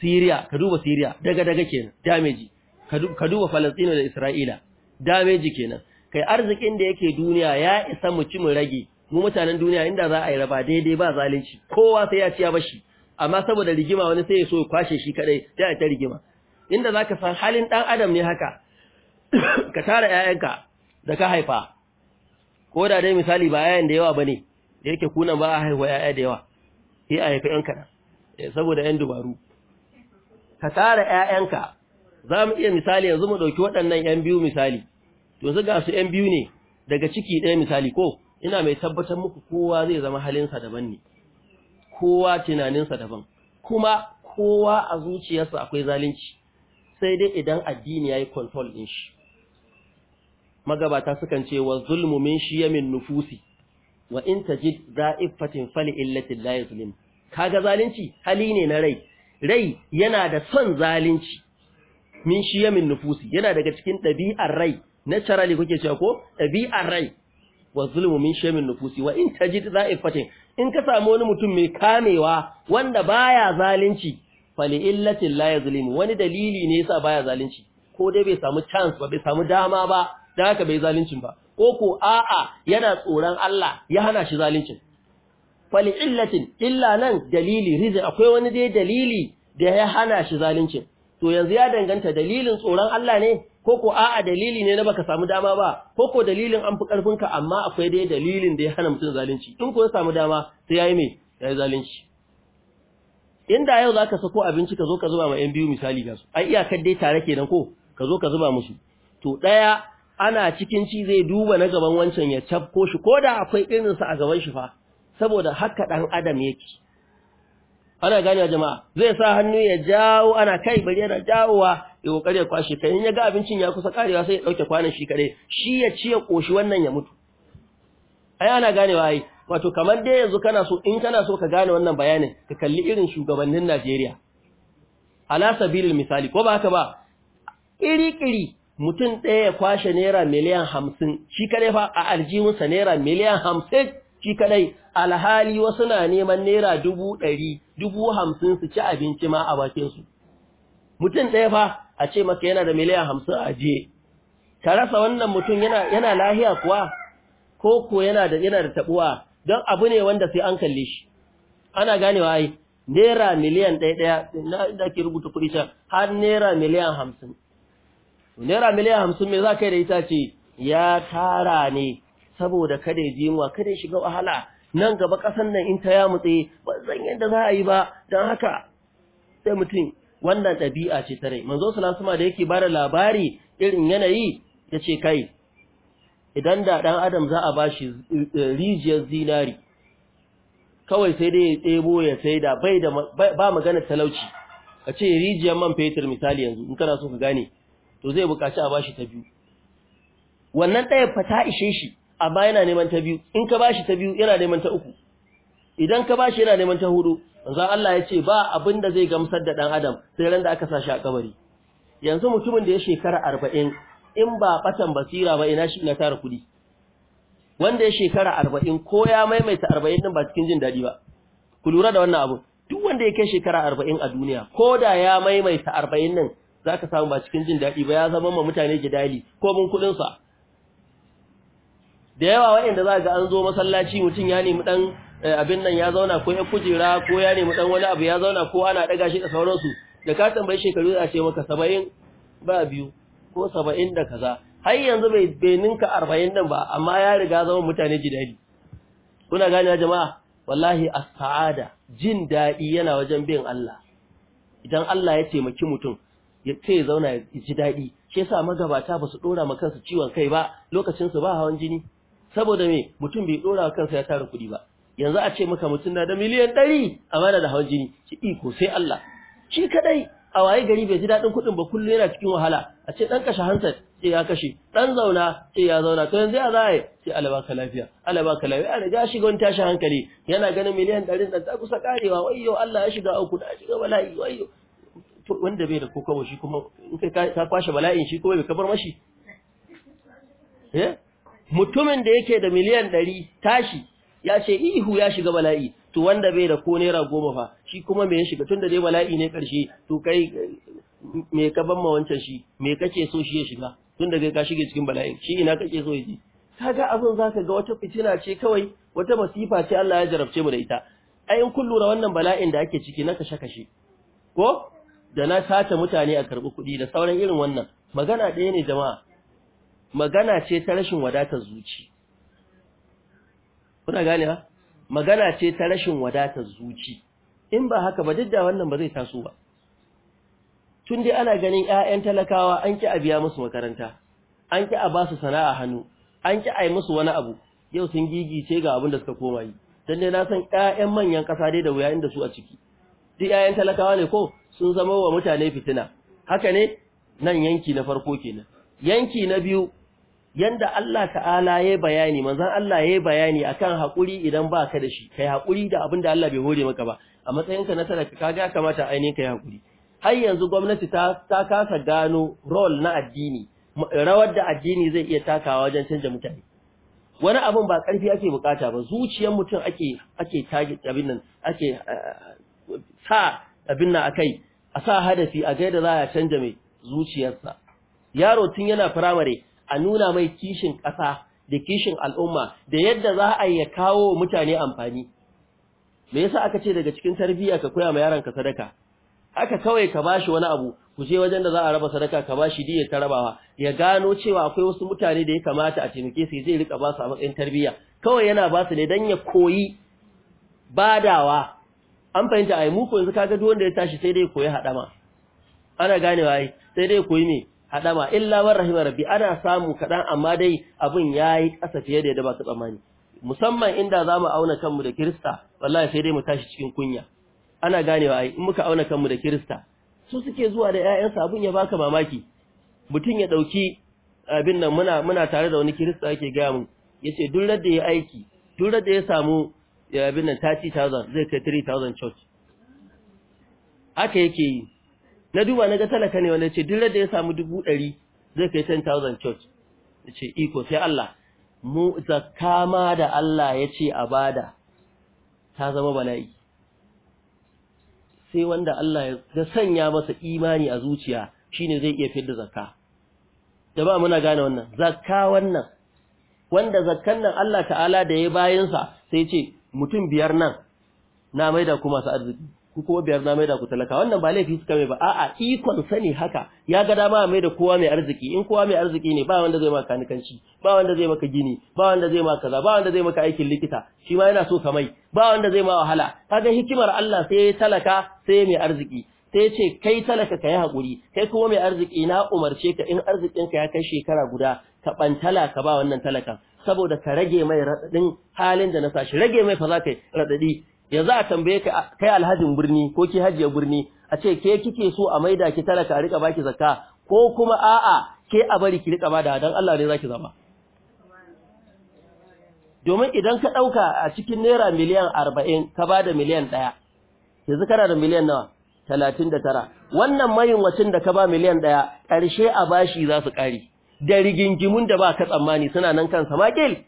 Syria ka duba Syria daga daga kenan damage ka duba Palestine da Isra'ila damage kenan kai arzikin da yake duniya ya isa mu ci mu rage mu mutanen duniya inda za a yi raba daidai ba zalunci kowa sai ya ciya ya bashi amma saboda rigima wani sai ya so ya kwashe shi kadai sai ya ta rigima inda zaka san halin dan adam ne haka ka tara yayanka da ka haifa ko da dai misali ba yayan da yawa bane da yake kunan ba a haihuwa yaya da yawa sai a haifa ƴanka eh, saboda yan dubaru ka tara yayanka za mu iya misali yanzu mu dauki waɗannan yan biyu misali to su ga su yan biyu ne daga ciki ɗaya misali ko ina mai tabbatar muku kowa zai zama halinsa daban ne kowa tunaninsa daban kuma kowa a zuciyarsa akwai zalunci sai dai idan addini yi control din shi magabata sukan ce wa zulmu min min nufusi wa in tajid da'ifatin fali illati la yuzlim kaga zalunci hali ne na rai rai yana da son zalunci min min nufusi yana daga cikin ɗabi'ar rai naturally kuke cewa ko ɗabi'ar rai wa zulmu min shamin nufusi wa in tajid fatin in ka samu wani mutum mai kamewa wanda baya zalunci fali illatin la yazlimu wani dalili ne yasa baya zalunci ko dai bai samu chance ba bai samu dama ba dan haka bai zaluncin ba ko ko a'a yana tsoron Allah ya hana shi zaluncin fali illatin illa nan dalili rizq akwai wani dai dalili da ya hana shi zaluncin to yanzu ya danganta dalilin tsoron Allah ne ko ko a'a dalili ne na baka samu dama ba ko ko dalilin an fi karfinka amma akwai dai dalilin da ya hana mutum zalunci in ko ya samu dama sai yayi me yayi zalunci inda yau zaka sako abinci ka zo ka zuba ma yan biyu misali ga su ai iyakar dai tare kenan ko ka zo ka zuba musu to ɗaya ana cikin ci zai duba na gaban wancan ya cafko shi ko da akwai irinsa a gaban shi fa saboda haka ɗan adam yake ana gane jama'a zai sa hannu ya jawo ana kai bari yana jawowa ya kokari ya kwashe kai in ya ga abincin ya kusa karewa sai ya dauke kwanan shi kare shi ya ci ya koshi wannan ya mutu ai ana ganewa ai wato kamar dai yanzu kana so in kana so ka gane wannan bayanin ka kalli irin shugabannin Najeriya ala sabilil misali ko ba ka ba iri kiri mutum ɗaya ya kwashe naira miliyan hamsin shi kadai fa a aljihunsa naira miliyan hamsin shi kadai alhali wasu na neman naira dubu ɗari dubu hamsin su ci abinci ma a bakinsu. Mutum ɗaya fa a ce maka yana da miliyan hamsin a ajiye, ka rasa wannan mutum yana lahiya kuwa ko ko yana da yana da tabuwa don abu ne wanda sai an kalle shi ana ganewa ai naira miliyan ɗaya na da ke rubuta kuɗi can har naira miliyan hamsin. naira miliyan hamsin me za ka yi da ita ce ya tara ne saboda kada ya ji yunwa kada ya shiga wahala nan gaba ƙasan nan in ta ya mutse ba zan yadda za a yi ba don haka sai mutum wannan ɗabi'a ce ta rai manzo salasuma da yake bada labari irin yanayi ya ce kai idan da ɗan adam za a ba shi eh, rijiyar zinari kawai sai dai ya ɗebo ya sai da bai da ba magana talauci ka ce rijiyar man fetur misali yanzu in kana so ka gane to zai buƙaci a ba shi ta biyu wannan ɗaya fata ishe shi amma yana neman ta biyu in ka bashi ta biyu yana neman ta uku idan ka bashi yana neman ta hudu manzon Allah ya ce ba abin da zai gamsar da dan adam sai ran da aka sa shi a kabari yanzu mutumin da ya shekara 40 in ba batan basira ba ina shi ina tara kudi wanda ya shekara 40 ko ya maimaita 40 din ba cikin jin dadi ba ku lura da wannan abu duk wanda ya kai shekara 40 a duniya ko da ya maimaita 40 din zaka samu ba cikin jin dadi ba ya zama ma mutane jidali ko mun kudin sa da yawa waɗanda za ga an zo masallaci mutum ya nemi ɗan eh, abin nan ya zauna ko ya kujera ko ya nemi ɗan wani abu ya zauna ko ana ɗaga shi da sauransu da ka tambayi shekaru a ce maka saba'in ba biyu ko saba'in da kaza har yanzu bai bai ninka arba'in nan ba amma ya riga zama mutane daɗi. kuna gane jama'a wallahi a saada jin daɗi yana wajen bin Allah idan Allah ya taimaki mutum ya ce zauna ya ji daɗi shi yasa magabata ba su ɗora ma kansu ciwon kai ba lokacin su ba hawan jini saboda me mutum bai dora kansa ya tara kuɗi ba yanzu a ce maka mutum na da miliyan ɗari a bada da hawan jini ki iko sai Allah shi kadai a waye gari bai ji daɗin kuɗin ba kullum yana cikin wahala a ce ɗan kashe hansa ce ya kashe ɗan zauna ce ya zauna to yanzu ya za a yi ce alabaka lafiya baka lafiya ga shiga wani tashi hankali yana ganin miliyan ɗari ɗan ta kusa karewa wayyo Allah ya shiga auku na shiga bala'i wayyo wanda bai da ko shi kuma in ka kwashe bala'in shi kuma bai kabar mashi eh mutumin da yake da miliyan ɗari tashi ya ce ihu ya shiga bala'i to wanda bai da ko naira goma fa shi kuma me ya shiga tunda dai bala'i ne ƙarshe to kai me ka ban ma wancan shi me kake so shi ya shiga tunda kai ka shige cikin bala'i shi ina kake so ya je kaga abin zaka ga wata fitina ce kawai wata masifa ce Allah ya jarabce mu da ita ayin kun lura wannan bala'in da ake ciki na kashe kashe ko da na sace mutane a karbi kuɗi da sauran irin wannan magana ɗaya ne jama'a magana ce ta rashin wadatar zuci kuna gane ba magana ce ta rashin wadatar zuci in ba haka ba duk da wannan ba zai taso ba tun dai ana ganin ƴaƴan talakawa an ki a biya musu makaranta an ki a ba su sana'a hannu an ki a musu wani abu yau sun gigice ga abin da suka koma yi dan dai na san ƴaƴan manyan ƙasa dai da wuya da su a ciki duk ƴaƴan talakawa ne ko sun zama wa mutane fitina haka ne nan yanki na farko kenan yanki na biyu yanda Allah ta'ala ya bayani manzan Allah ya bayani akan hakuri idan ba ka da shi kai hakuri da abin da Allah bai hore maka ba a matsayinka na talaka ga kamata ainihin kai hakuri har yanzu gwamnati ta ta kasa gano role na addini rawar da addini zai iya takawa wajen canja mutane wani abin ba karfi ake bukata ba zuciyar mutum ake ake tage abin nan ake eh, sa abin nan akai a sa hadafi a gaida za a canja mai zuciyarsa yaro tun yana firamare a nuna mai kishin ƙasa da kishin al'umma da yadda za a ya kawo mutane amfani me yasa aka ce daga cikin tarbiyya ka koya ma yaron ka sadaka haka kawai ka bashi wani abu ku je wajen da za a raba sadaka ka bashi diya ta rabawa ya gano cewa akwai wasu mutane da ya kamata a taimake su zai rika ba su a matsayin tarbiyya kawai yana ba su ne dan ya koyi badawa an fahimta ai yi muku yanzu kaga duk wanda ya tashi sai dai koyi haɗama. ana ganewa ai sai dai koyi me hadama illa man rahima rabbi ana samu kadan amma dai abin yayi kasa fiye da yadda su tsammani musamman inda zamu auna kanmu da Kirista wallahi sai dai mu tashi cikin kunya ana ganewa ai in muka auna kanmu da Kirista su suke zuwa da ƴaƴansu abun ya baka mamaki mutun ya dauki abin nan muna muna tare da wani Kirista yake ga mu yace duk da ya aiki duk da ya samu abin nan 30000 zai kai 3000 church haka yake yi na duba na ga talaka ne wanda ce duk da ya samu dubu ɗari zai kai 10,000 church ya ce iko sai Allah mu zakka ma da Allah ya ce a bada ta zama bala'i sai wanda Allah ya sanya masa imani a zuciya shine zai iya da zaka da ba muna gane wannan zakka wannan wanda zakkan nan Allah ta'ala da ya bayansa sai ce mutum biyar nan na maida kuma su arziki ku kuma biyar na maida ku talaka wannan ba laifi suka mai ba a'a ikon sani haka ya ga dama mai da kowa mai arziki in kowa mai arziki ne ba wanda zai maka kanikanci ba wanda zai maka gini ba wanda zai maka kaza ba wanda zai maka aikin likita shi ma yana so ka mai ba wanda zai ma wahala kaga hikimar Allah sai ya talaka sai mai arziki sai ce kai talaka kai hakuri kai kuma mai arziki na umarce ka in arzikin ka ya kai shekara guda ka bantala ka ba wannan talakan saboda ka rage mai radadin halin da na sashi rage mai fa za ka radadi ya za a tambaye ka kai alhajin birni ko ki hajiya birni a ce ke kike so a maida ki tara ka rika baki zakka ko kuma a'a ke a bari ki rika bada dan Allah ne zaki zama domin idan ka dauka a cikin naira miliyan 40 ka bada miliyan 1 yanzu kana da miliyan nawa 39 wannan mayin wacin da ka ba miliyan 1 karshe a bashi za su kare da rigingimun da ba ka tsammani suna nan kansa makil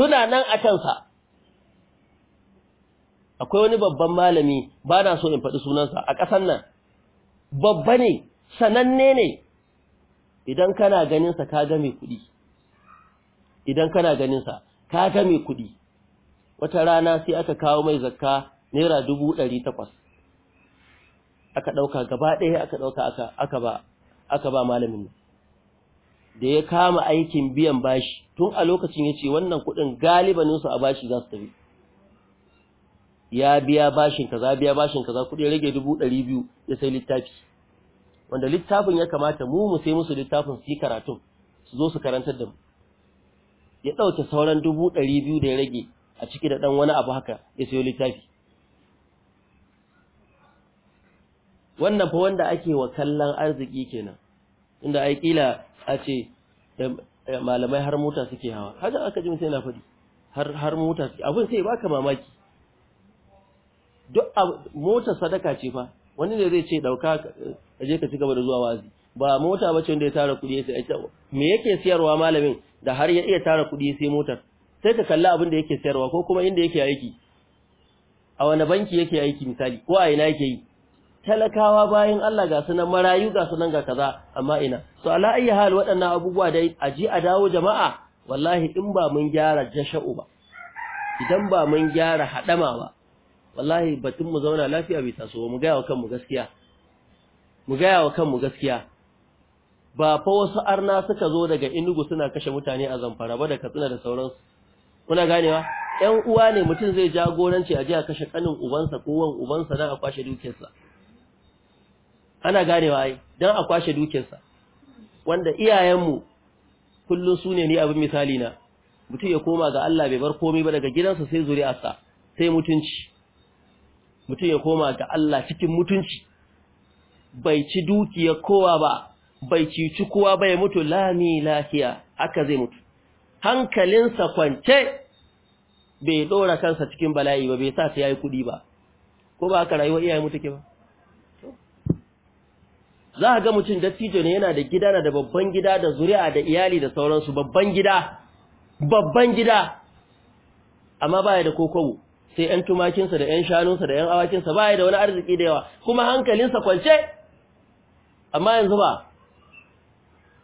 suna nan a kansa akwai wani babban malami ba na so in faɗi sunansa a ƙasan nan babba ne sananne ne idan kana ganinsa ka ga mai kuɗi idan kana ganinsa ka ga mai kuɗi wata rana sai aka kawo mai zakka naira dubu ɗari takwas aka ɗauka gaba ɗaya aka ɗauka aka ba malamin nan da ya kama aikin biyan bashi tun a lokacin ya ce wannan kuɗin galibaninsu a bashi za su tafi ya biya bashin kaza biya bashin kaza kudi rage 200 ya sai littafi wanda littafin ya kamata mu mu sai musu littafin su yi karatu su zo su karantar da mu ya dauke sauran 200 da ya rage a ciki da dan wani abu haka ya sayo littafi wannan fa wanda ake wa kallon arziki kenan inda ai kila a ce eh, eh, malamai har mota suke hawa haka aka ji sai na faɗi har har mota abin sai baka mamaki duk mota sadaka ce fa wani ne zai ce dauka je ka ci da zuwa wazi ba mota bace wanda ya tara kudi sai me yake siyarwa malamin da har ya iya tara kudi sai motar sai ka kalla abin da yake siyarwa ko kuma inda yake aiki a wani banki yake aiki misali ko a ina yake yi talakawa bayan Allah ga sunan marayu ga sunan ga kaza amma ina To ala ayi hal waɗannan abubuwa dai a ji a dawo jama'a wallahi in ba mun gyara jasha'u ba idan ba mun gyara hadama ba wallahi batun mu zauna lafiya bai taso mu gaya wa kanmu gaskiya mu gaya wa kanmu gaskiya ba fa wasu arna suka zo daga inugu suna kashe mutane a zamfara ba da katsina da sauransu kuna ganewa ƴan uwa ne mutum zai jagoranci a jiya kashe kanin ubansa ko wan ubansa na a kwashe dukiyarsa ana ganewa ai dan a kwashe dukiyarsa wanda iyayenmu mu su ne ni abin misali na mutum ya koma ga Allah bai bar komai ba daga gidansa sai zuri'arsa sai mutunci mutum ya koma ga Allah cikin mutunci bai ci dukiya kowa ba bai ci kowa ba ya mutu lami lafiya aka zai mutu hankalinsa kwance bai dora kansa cikin bala'i ba bai sa ta yayi kudi ba ko ba aka rayuwa iyayen mutu ke ba za a ga mutum dattijo ne yana da gida na da babban gida da zuri'a da iyali da sauransu babban gida babban gida amma baya da kokobo sai ‘yan tumakinsa da ‘yan shanunsa da ‘yan awakinsa ba da wani arziki da yawa kuma hankalinsa kwance amma yanzu ba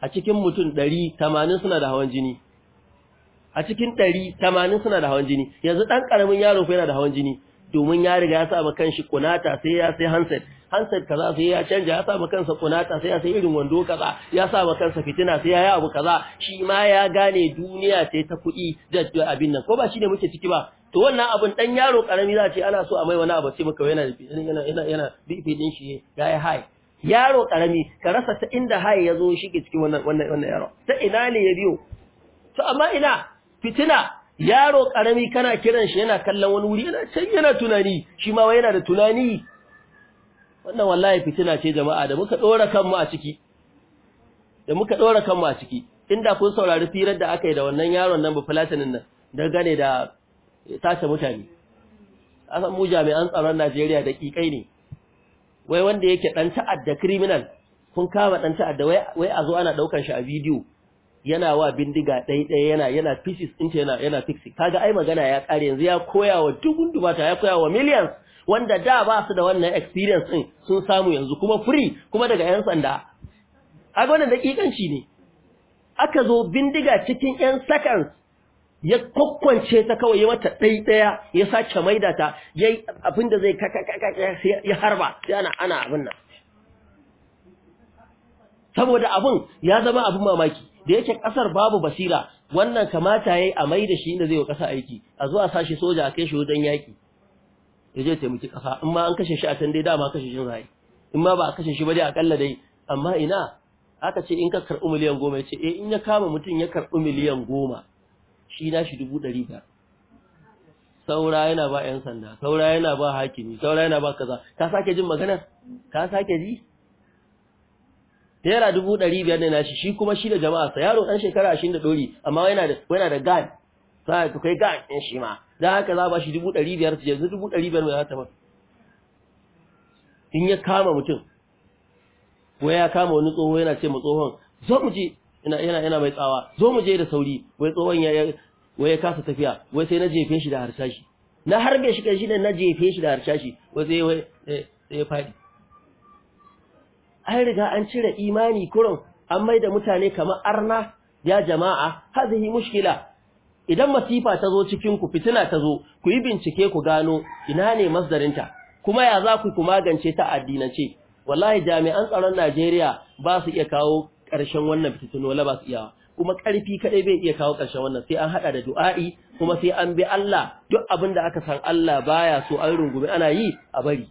a cikin mutum ɗari tamanin suna da hawan jini a cikin ɗari tamanin suna da hawan jini yanzu ɗan ƙaramin yaro fa yana da hawan jini domin ya riga ya sa kanshi kunata sai ya sai hanset. handset kaza sai ya canja ya sa kansa kunata sai ya sai irin wando kaza ya sa kansa fitina sai ya yi abu kaza shi ma ya gane duniya ce ta kuɗi da abin nan ko ba shi ne muke ciki ba to wannan abin dan yaro karami za a ce ana so a mai wani abu sai muka yana yana yana yana bibi din shi yayi hai yaro karami ka rasa ta inda hai yazo shi ke cikin wannan wannan wannan yaro ta ina ne ya biyo to amma ina fitina yaro karami kana kiran shi yana kallon wani wuri yana can yana tunani shi ma yana da tunani wannan wallahi fitina ce jama'a da muka dora kanmu a ciki da muka dora kanmu a ciki inda kun saurari firar da aka yi da wannan yaron nan ba platinum nan da gane da ya mutane asan mu jami'an tsaron Najeriya da kikai ne wai wanda yake dan ta'adda criminal kun kama dan ta'adda wai wai a zo ana daukan shi a bidiyo yana wa bindiga ɗaya ɗaya yana yana pieces yana yana fixi kaga ai magana ya kare yanzu ya koya wa dubun dubata ya koya wa millions wanda da ba su da wannan experience din sun samu yanzu kuma free kuma daga yan sanda kaga wannan dakikanci ne aka zo bindiga cikin yan seconds ya kwakwance ta kawai ya mata ɗai ɗaya ya sace maida ta ya yi abin da zai ya harba sai ana ana abin nan saboda abin ya zama abin mamaki da yake ƙasar babu basira wannan kamata ya yi a mai da shi inda zai yi ƙasa aiki a zuwa sashi soja a kai shi wajen yaƙi ya je taimaki ƙasa in ma an kashe shi a can dai dama kashe shi zai in ma ba a kashe shi ba dai aƙalla dai amma ina aka ce in ka karɓi miliyan goma ya ce eh in ya kama mutum ya karɓi miliyan goma shi na dubu ɗari biyar saura yana ba 'yan sanda saura yana ba hakimi saura yana ba kaza ka sake jin maganar ka sake ji naira dubu ɗari biyar ne na shi shi kuma shi da jama'a sa yaro ɗan shekara ashirin da ɗori amma yana da yana da gan sa to kai gan ɗin shi ma don haka za ba shi dubu ɗari biyar su yanzu dubu ɗari biyar mai za ta ba in ya kama mutum wai ya kama wani tsoho yana ce ma tsohon zo mu je yana yana mai tsawa zo mu je da sauri wai tsohon ya wai ya kasa tafiya wai sai na jefe shi da harsashi na harbe shi kanshi shi na jefe shi da harsashi wai sai wai eh, ya faɗi an riga an cire imani kurin an mai da mutane kamar arna ya jama'a hazihi mushkila idan masifa ta zo cikin ku fitina ta zo ku yi bincike ku gano ina ne masdarinta kuma ya za ku ku magance ta addinance wallahi jami'an tsaron Najeriya ba su iya kawo ƙarshen wannan fitinola ba su iya kuma ƙarfi kaɗai bai iya kawo ƙarshen wannan sai an haɗa da du'a'i kuma sai an bi Allah duk abin da aka san Allah baya so an rungume ana yi a bari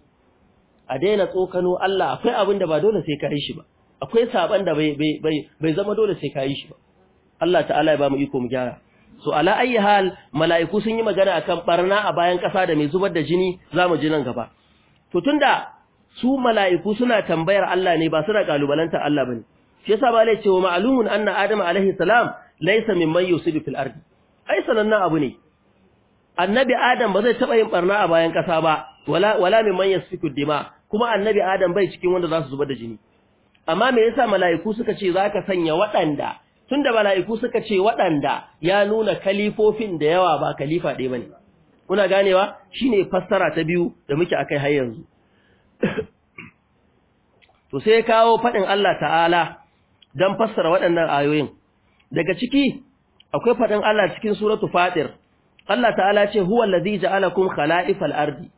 a daina tsokano Allah akwai abin da ba dole sai ka yi shi ba akwai saban da bai zama dole sai ka yi shi ba Allah ta'ala ya ba mu iko mu gyara so ala ayi hal mala'iku sun yi magana akan barna a bayan ƙasa da mai zubar da jini za mu ji nan gaba to tunda su mala'iku suna tambayar Allah ne ba suna kalubalanta Allah bane shi yasa ba lai cewa ma'lumun anna adam alaihi salam laysa mimman yusidu fil ardi ai sanannan abu ne annabi adam ba zai taba yin barna a bayan kasa ba wala wala mimman yasfiku dima kuma annabi adam bai cikin wanda za su zubar da jini amma me yasa mala'iku suka ce zaka sanya waɗanda tunda mala'iku suka ce waɗanda ya nuna kalifofin da yawa ba kalifa ɗaya bane kuna ganewa shine fassara ta biyu da muke akai har yanzu to sai kawo fadin Allah ta'ala don fassara waɗannan ayoyin daga ciki akwai faɗin Allah cikin suratu faɗir. Allah ta'ala ce huwa ala ja'alakum khala'ifal ardi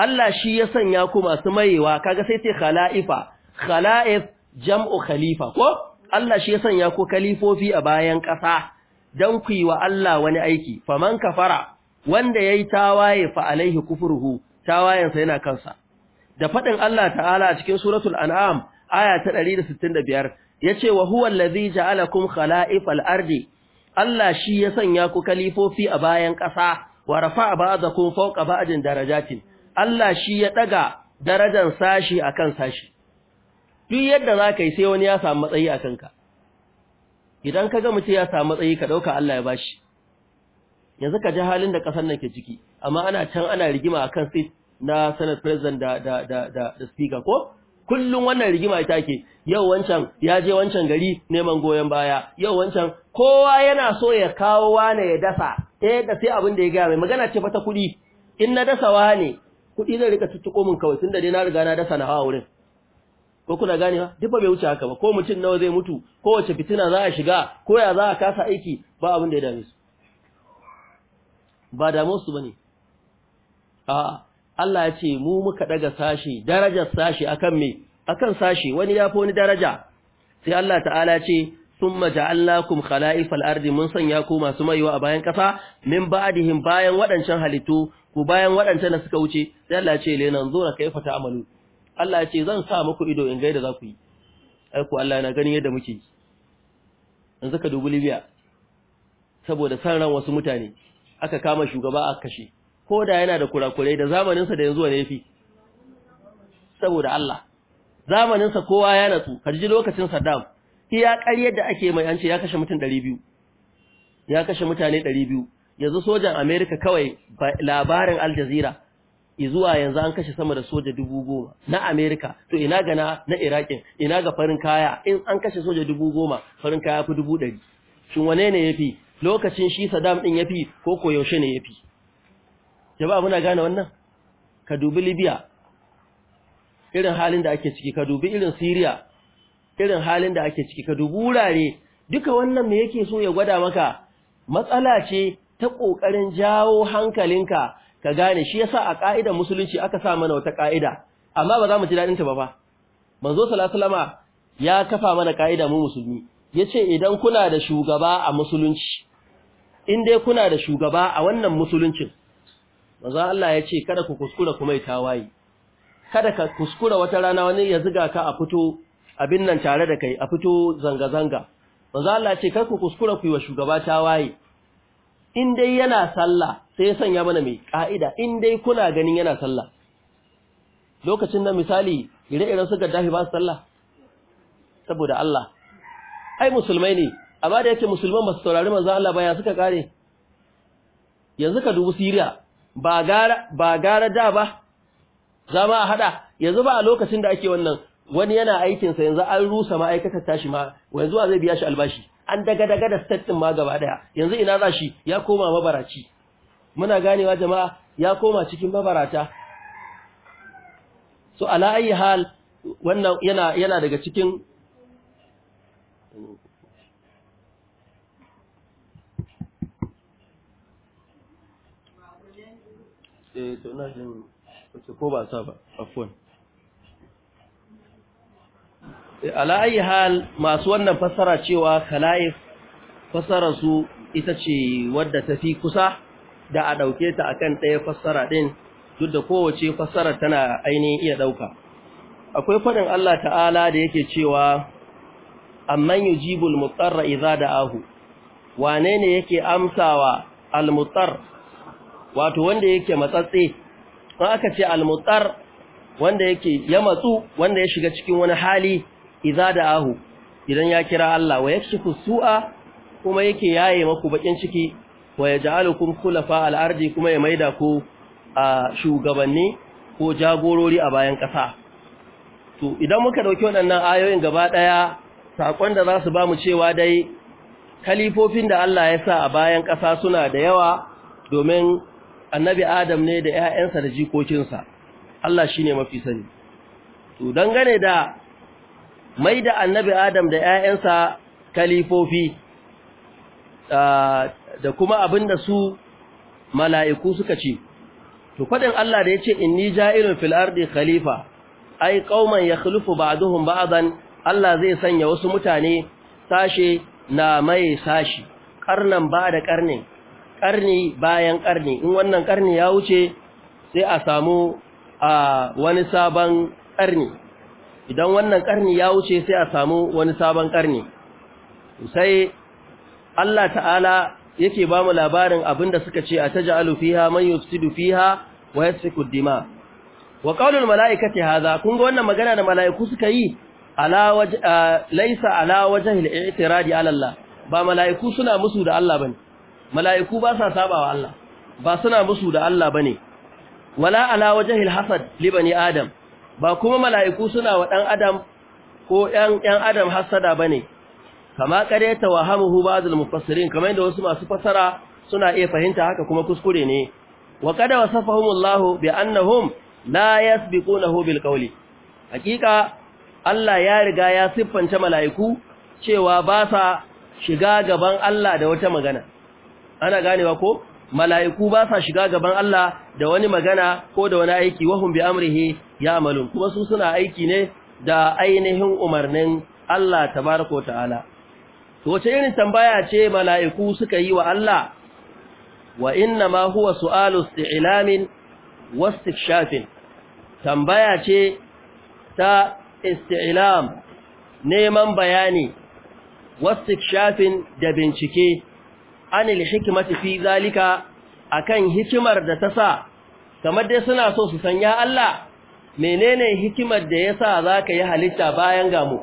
Allah shi ya sanya ku masu mayewa kaga sai ce khala'ifa khala'if jam'u khalifa ko Allah shi ya sanya ku kalifofi a bayan ƙasa dan ku yi wa Allah wani aiki faman kafara wanda yayi tawaye fa alaihi kufruhu tawayen yana kansa da faɗin Allah ta'ala a cikin suratul an'am aya ta 165 Ya ce, wa huwa allazi ja'alakum khala'ifal ardi Allah shi ya sanya ku kalifofi a bayan ƙasa wa rafa'a ba'dakum fawqa ba'din darajatin Allah shi ya ɗaga darajan sashi akan sashi duk yadda zaka yi sai wani ya samu matsayi a kanka. idan ka ga mutum ya samu matsayi ka ɗauka Allah ya bashi yanzu ka ji halin da ƙasar nan ke ciki amma ana can ana rigima akan sai na senate president da da da da, da speaker ko kullum wannan rigima ita ke yau wancan ya je wancan gari neman goyon baya yau wancan kowa yana so ya kawo wane ya dasa eh da sai abin da ya gaya mai magana ce fa ta kuɗi in na dasa wane kuɗi zai rika tuttuko min kawai tunda dai na riga na dasa na hawa wurin ko kuna ba duk ba bai wuce haka ba ko mutum nawa zai mutu ko wace fitina za a shiga ko ya za a kasa aiki ba abin da ya dame su ba damu su bane a'a Allah ya ce mu muka daga sashi darajar sashi akan me akan sashi wani ya fi wani daraja sai Allah ta'ala ce thumma ja'alnakum khala'ifal ardi mun sanya ku masu maiwa a bayan kasa min ba'dihim bayan wadancan halittu ku bayan wadancan da suka wuce sai Allah ya ce lenan zura kaifa ta'malu Allah ya ce zan sa muku ido in ga yadda za ku yi ai ku Allah yana ganin yadda muke yanzu ka dubi Libya saboda san ran wasu mutane aka kama shugaba aka kashe ko da yana da kurakurai da zamaninsa da yanzu ne fi saboda Allah zamaninsa kowa ya natsu karji lokacin Saddam iya ƙaryar da ake mai an ce ya kashe mutum 200 ya kashe mutane 200 yanzu sojan America kawai labarin Al Jazeera zuwa yanzu an kashe sama da soja dubu goma na Amerika to ina ga na na Iraqin ina ga farin kaya in an kashe soja dubu goma farin kaya fi dubu ɗari shin wane ne ya fi lokacin shi Saddam din ya fi ko yaushe ne ya fi? jaba muna gane wannan ka dubi libya irin halin da ake ciki ka dubi irin syria irin halin da ake ciki ka dubi wurare duka wannan me yake so ya gwada maka matsala ce ta kokarin jawo hankalinka ka gane shi yasa a ka'idar musulunci aka sa mana wata ka'ida amma ba za mu ji dadin ta ba fa manzo sallallahu alaihi ya kafa mana ka'ida mu musulmi yace idan kuna da shugaba a musulunci in dai kuna da shugaba a wannan musuluncin manzon Allah ya ce kada ku kuskura kuma yi tawaye kada ka kuskura wata rana wani ya ziga ka a fito abin nan tare da kai a fito zanga zanga manzon Allah ya ce kada ku kuskura ku yi wa shugaba tawaye in dai yana sallah sai ya sanya mana mai ka'ida in dai kuna ganin yana sallah lokacin da misali ire-iren suka dafi ba su sallah saboda Allah ai musulmai ne amma da yake musulman ba su saurari manzo Allah ba ya suka kare yanzu ka dubu Siriya. ba gara da ba zama a hada yanzu ba a lokacin da ake wannan wani yana aikinsa yanzu an rusa ma'aikatar tashi ma yanzu zai biya shi albashi an daga daga da state ɗin ma gaba daya yanzu ina za shi ya koma mabaraci muna ganewa jama'a ya koma cikin mabarata so ala ayi hal wannan yana daga cikin E, to ko ba sa ba eh, ala ayi hal masu wannan fassara cewa kalaif fassara su ita ce wadda ta fi kusa da a dauke ta akan ɗaya fassara ɗin duk da kowace fassara tana ainihin iya ɗauka. akwai faɗin Allah ta'ala da yake cewa amman mutsar ra'iza da ahu, wane ne yake amsawa al mutsar wato wanda yake matsatse in aka ce almutsar wanda yake ya matsu wanda ya shiga cikin wani hali iza da ahu. idan ya kira Allah wa yakshifu su'a kuma yake yaye maku bakin ciki wa yaj'alukum khulafa al-ardi kuma ya maida ku a shugabanni ko jagorori a bayan ƙasa to idan muka dauki waɗannan ayoyin gaba daya sakon da za su ba cewa dai kalifofin da Allah ya sa a bayan ƙasa suna da yawa domin annabi adam ne da 'ya'yansa da jikokinsa Allah shine mafi sani to dangane da mai da annabi adam da 'ya'yansa kalifofi da kuma abinda su mala'iku suka ce to fadin Allah da ya ce in ja'ilun fil ardi khalifa ai qauman yakhlufu ba ba'dan Allah zai sanya wasu mutane sashe na mai sashi karnan ba da karnin ƙarni bayan ƙarni in wannan ƙarni ya wuce sai a samu a wani sabon ƙarni idan wannan ƙarni ya wuce sai a samu wani sabon ƙarni sai Allah ta'ala yake ba mu labarin abinda suka ce a taj'alu fiha man yufsidu fiha wa yasfiku dima wa qawlul malaikati hadha kun ga wannan magana da malaiku suka yi ala waj laysa ala i'tiradi ala Allah ba malaiku suna musu da Allah bane mala'iku ba sa sabawa Allah ba suna musu da Allah bane wala ala wajhil hasad li bani adam ba kuma mala'iku suna wa ɗan adam ko yan yan adam hasada bane kama kadaita wahamuhu ba'dul mufassirin kamar yadda wasu masu fassara suna iya fahimta haka kuma kuskure ne wa kada safahumullahu bi annahum la yasbiqunahu bil qawli Haƙiƙa Allah ya riga ya siffance mala'iku cewa ba sa shiga gaban Allah da wata magana ana ganewa ko mala'iku ba sa shiga gaban Allah da wani magana ko da wani aiki wahum bi amrihi ya'malun kuma su suna aiki ne da ainihin umarnin Allah tabaraka ta'ala to wace irin tambaya ce mala'iku suka yi wa Allah wa inna ma huwa su'alu isti'lamin wastikshafin tambaya ce ta isti'lam neman bayani wastikshafin da bincike anil hikmati fi zalika akan hikimar da ta sa kamar dai suna so su san ya Allah menene hikimar da yasa zaka yi halitta bayan gamu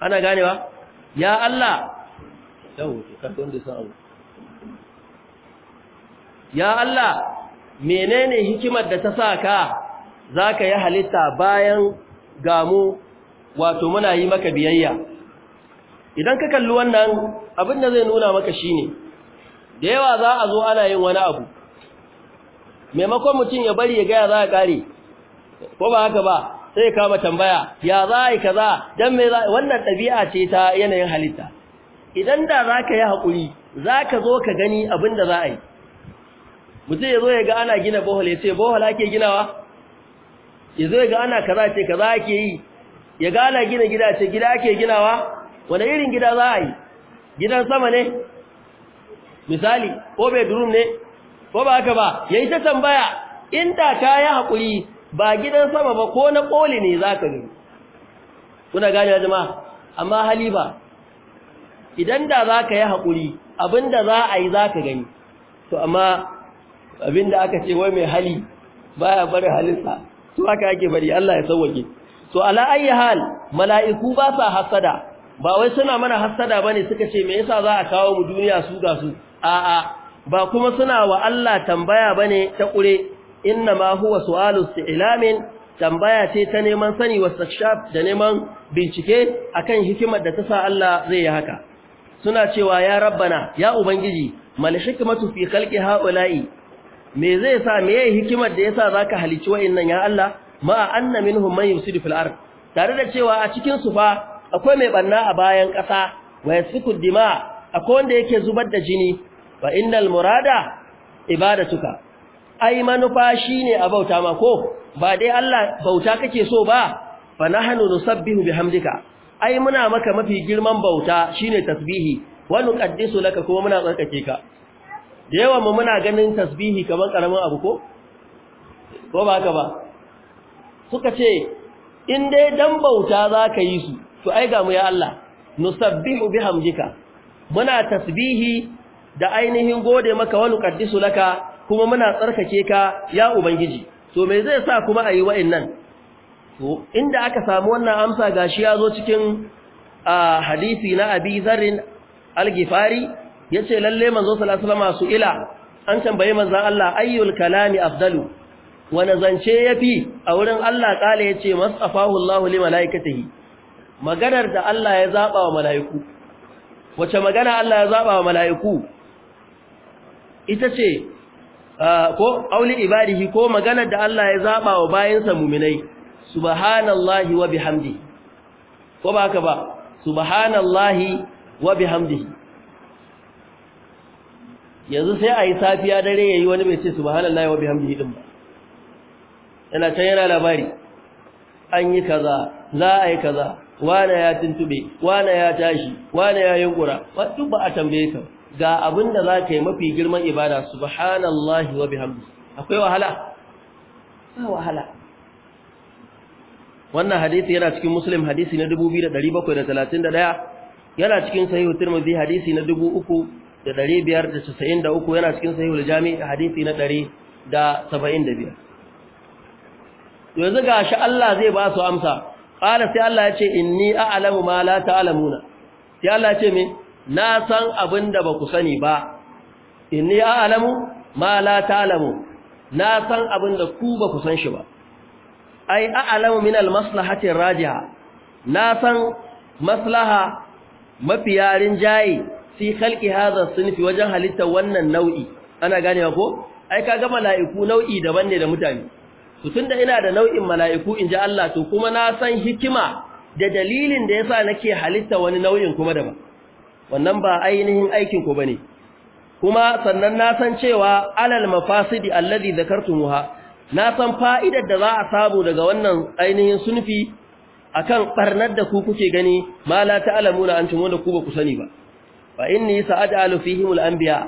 ana ganewa ya Allah ya Allah menene hikimar da ta sa ka zaka yi halitta bayan gamu wato muna yi maka biyayya idan ka kalli wannan abin da zai nuna maka shine da yawa za a zo ana yin wani abu maimakon mutum ya bari ya gaya za a kare ko ba haka ba sai kama tambaya ya za a yi kaza don mai za wannan ɗabi'a ce ta yanayin halitta idan da za ka yi haƙuri za ka zo ka gani abin da za a yi mutum ya zo ya ga ana gina bohol ya ce bohol ake ginawa ya zo ya ga ana kaza ce kaza ake yi ya ga ana gina gida ce gida ake ginawa wani irin gida za a yi gidan sama ne misali ko Durum ne ko ba haka ba yayi ta tambaya inda ka yi hakuri ba gidan sama ba ko na koli ne zaka gani kuna gane jama'a amma hali ba, idan da zaka yi hakuri abinda za a yi zaka gani to amma abinda aka ce wai mai hali baya bari halinsa to haka yake bari Allah ya sauke to ala ayi hal mala'iku ba sa hasada ba wai suna mana hasada bane suka ce me yasa za a kawo mu duniya su ga su a'a ba kuma suna wa Allah tambaya bane ta kure inna ma huwa su'alu ilamin tambaya ce ta neman sani wa sakshaf da neman bincike akan hikimar da ta sa Allah zai yi haka suna cewa ya rabbana ya ubangiji mal hikmatu fi khalqi haula'i me zai sa me yayi hikimar da yasa zaka halici wa'annan ya Allah ma anna minhum man yusidu fil ard tare da cewa a cikin su fa akwai mai banna a bayan ƙasa wa yasukud dima akwai wanda yake zubar da jini ba innal murada ibadatuka ai manufa shine a bauta ma ko ba dai Allah bauta kake so ba fa nahnu nusabbihu bihamdika ai muna maka mafi girman bauta shine tasbihi wa nuqaddisu laka kuma muna tsarkake ka da yawan mu muna ganin tasbihi kaman karamin abu ko ko ba haka ba suka ce in dai dan bauta zaka yi su to ai ga mu ya Allah nusabbihu bihamdika muna tasbihi da ainihin gode maka wani kaddisu laka kuma muna tsarkake ka ya ubangiji to me zai sa kuma ayi wa'annan to inda aka samu wannan amsa gashi ya zo cikin hadisi na Abi Zarrin Al-Ghifari yace lalle manzo sallallahu alaihi wasallam su ila an tambayi manzan Allah ayyul kalami afdalu wani zance ya fi a wurin Allah ƙala ya ce masu li mala'ikatahi maganar da Allah ya zaɓa wa mala'iku wace magana Allah ya zaba wa mala'iku ita ce ko auli ibadihi ko magana da Allah ya zaba wa bayansa muminai subhanallahi wa bihamdihi ko ba ka ba subhanallahi wa bihamdihi yanzu sai a yi safiya dare ya yi wani bai ce subhanallahi wa bihamdihi din ba yana can yana labari an yi kaza za a yi kaza wane ya tuntube wane ya tashi wane ya yunkura duk ba a tambaye ka ga abin da za ka yi mafi girman ibada subhanallahi wa bihamdi akwai wahala ba wahala wannan hadisi yana cikin muslim hadisi na 2731 yana cikin sahihu tirmidhi hadisi na 3593 yana cikin sahihu jami hadisi na 175 yanzu ga shi Allah zai ba su amsa qala sai Allah ya ce inni a'lamu ma la alamuna. sai Allah ya ce me na san abin da ba ku sani ba inni a'lamu ma la alamu. na san abin da ku ba ku san shi ba ai a'lamu min al rajiha na san maslaha mafi yarin jayi si khalqi hadha sunfi wajen halitta wannan nau'i ana ganewa ko ai ka gama mala'iku nau'i daban ne da mutane to tunda ina da nau'in mala'iku in ji Allah to kuma na san hikima da dalilin da yasa nake halitta wani nau'in kuma da ba. wannan ba ainihin aikin ku bane kuma sannan na san cewa alal mafasidi allazi zakartumuha na san fa'idar da za a sabo daga wannan ainihin sunfi akan barnar da ku kuke gani ma la ta'lamuna antum wanda ku ba ku sani ba fa inni sa'ajalu fihimul anbiya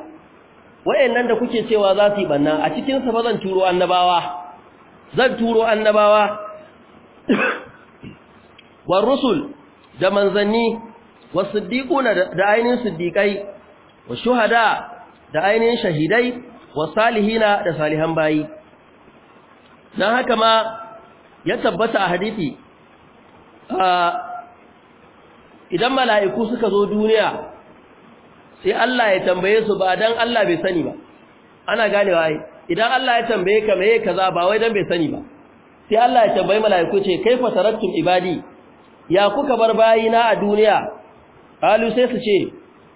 wa'annan da kuke cewa za su yi banna a cikin sa bazan turo annabawa zan turo annabawa wa rusul da manzanni wa siddiquna da ainihin siddiqai wa shuhada da ainihin shahidai wa salihina da salihan bayi dan haka ma ya tabbata a hadisi idan mala'iku suka zo duniya sai Allah ya tambaye su ba dan Allah bai sani ba ana ganewa ai idan Allah ya tambaye ka meye kaza ba wai dan bai sani ba sai Allah ya tambayi mala'iku ce kaifa taraktum ibadi ya kuka bar bayina a duniya qalu sai su ce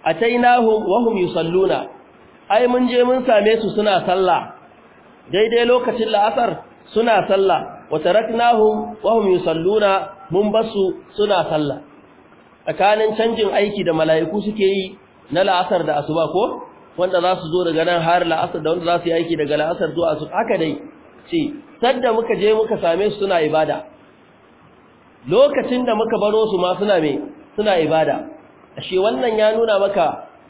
atainahum wa hum yusalluna ai mun je mun same su suna sallah daidai lokacin la'asar suna sallah wa taraknahum wa hum yusalluna mun basu suna sallah tsakanin canjin aiki da mala'iku suke yi na la'asar da asuba ko wanda za su zo daga nan har la'asar da wanda za su yi aiki daga la'asar zuwa su haka dai ce sadda muka je muka same su suna ibada lokacin da muka baro su ma suna me suna ibada ashe wannan ya nuna maka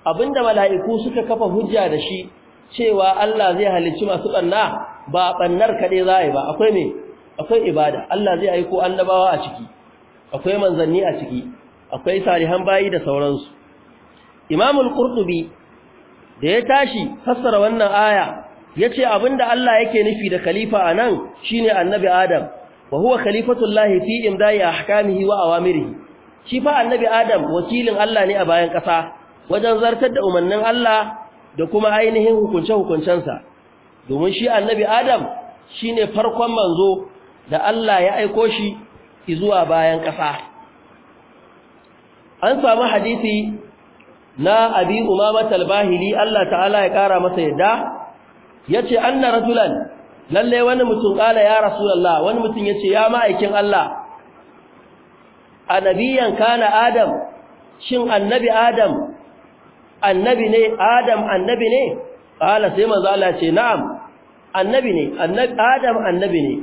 abinda mala'iku suka kafa hujja da shi cewa Allah zai halicci masu banna ba bannar kade za a yi ba akwai me akwai ibada Allah zai aiko annabawa a ciki akwai manzanni a ciki akwai salihan bayi da sauransu imamul qurtubi da ya tashi fassara wannan aya ya yace abinda Allah yake nufi da khalifa a anan shine annabi Adam wa huwa khalifatullahi fi imdai ahkamihi wa awamirihi shi fa annabi Adam wakilin Allah ne a bayan kasa wajen zartar da umarnin Allah da kuma ainihin hukunce hukuncensa domin shi annabi Adam shine farkon manzo da Allah ya aiko shi zuwa bayan kasa an samu hadisi na abi umama talbahili Allah ta'ala ya kara masa yadda yace anna rajulan lalle wani mutum kala ya rasulullah wani mutum yace ya ma'aikin Allah anabiyan kana adam shin annabi adam annabi ne adam annabi ne kala sai manzo Allah ce na'am annabi ne annabi adam annabi ne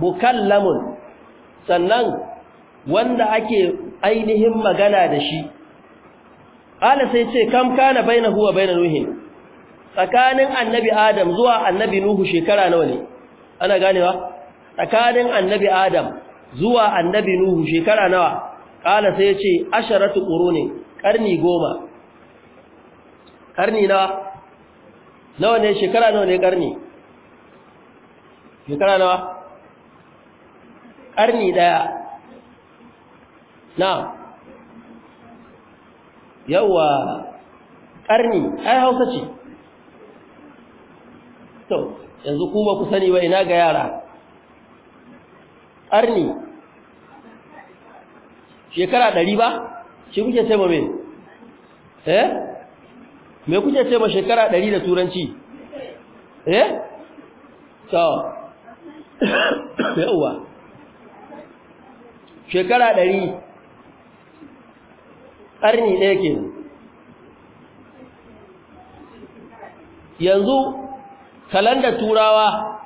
bukallamun sannan wanda ake ainihin magana da shi Ƙala sai ce kam kana bai na huwa bai na nuhin tsakanin annabi adam zuwa annabi nuhu shekara nawa ne ana ganewa tsakanin annabi adam zuwa annabi nuhu shekara nawa Ƙala sai ce asharatu ne ƙarni goma Ƙarni nawa nawa ne shekara nawa ne ƙarni? shekara nawa Ƙarni ɗaya na yawa ƙarni ai hausa ce to yanzu kuma ku sani ba ina ga yara ƙarni shekara ɗari ba shi kuke ce ma me eh me kuke ce ma shekara ɗari da turanci eh to yawa shekara ɗari ƙarni ɗaya ke yanzu kalandar turawa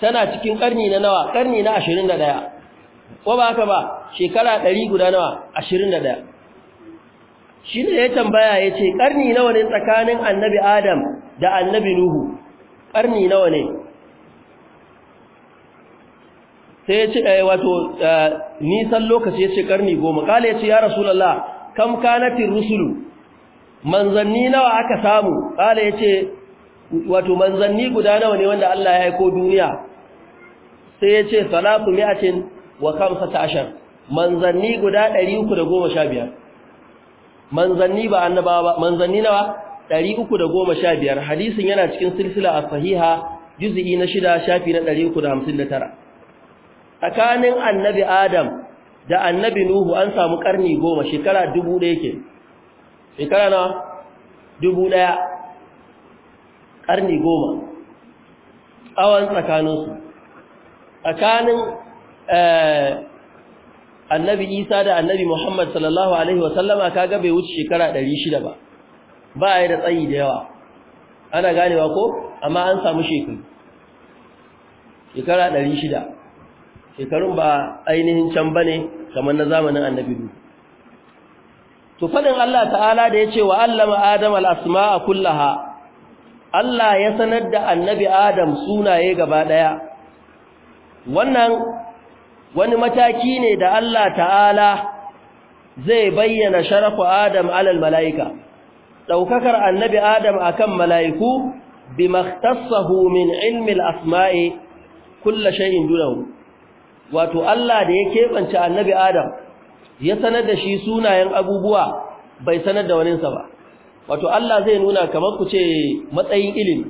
tana cikin ƙarni na nawa ƙarni na ashirin da ɗaya ko ba haka ba shekara ɗari guda nawa ashirin da ɗaya shi ne ya tambaya ya ce ƙarni nawa ne tsakanin annabi adam da annabi nuhu ƙarni nawa ne sai ya ce eh, wato eh, nisan lokaci ya ce karni goma kala ya ce ya rasulallah kam kanatin rusulu manzanni nawa aka samu kala ya ce wato manzanni guda nawa ne wanda Allah ya haiko duniya sai ya ce salatu mi'atin wa kamsata ashar manzanni guda 315 manzanni ba annabawa ba manzanni nawa 315 hadisin yana cikin silsila as-sahiha juz'i na 6 shafi na 359 tsakanin annabi adam da annabi nuhu an samu karni goma shekara dubu ɗaya ke shekara na dubu ɗaya karni goma tsawon tsakaninsu tsakanin eh, annabi isa da annabi muhammad sallallahu alaihi wasallama ka bai wuce shekara ɗari shida ba ba yi da tsayi da yawa ana ganewa ko amma an samu shekaru shekara ɗari shida shekarun ba ainihin can bane kamar na zamanin annabi nuhu to fadin Allah ta'ala da ce wa allama adam al-asma'a kullaha Allah ya sanar da annabi adam sunaye gaba ɗaya," wannan wani mataki ne da Allah ta'ala zai bayyana sharafu adam alal malaika ɗaukakar annabi adam a kan malaiku bi ikhtassahu min ilmi asmai kulla shay'in dunahu wato Allah da ya keɓance annabi Adam ya sanar da shi sunayen abubuwa bai sanar da waninsa ba wato Allah zai nuna kamar ku ce matsayin ilimi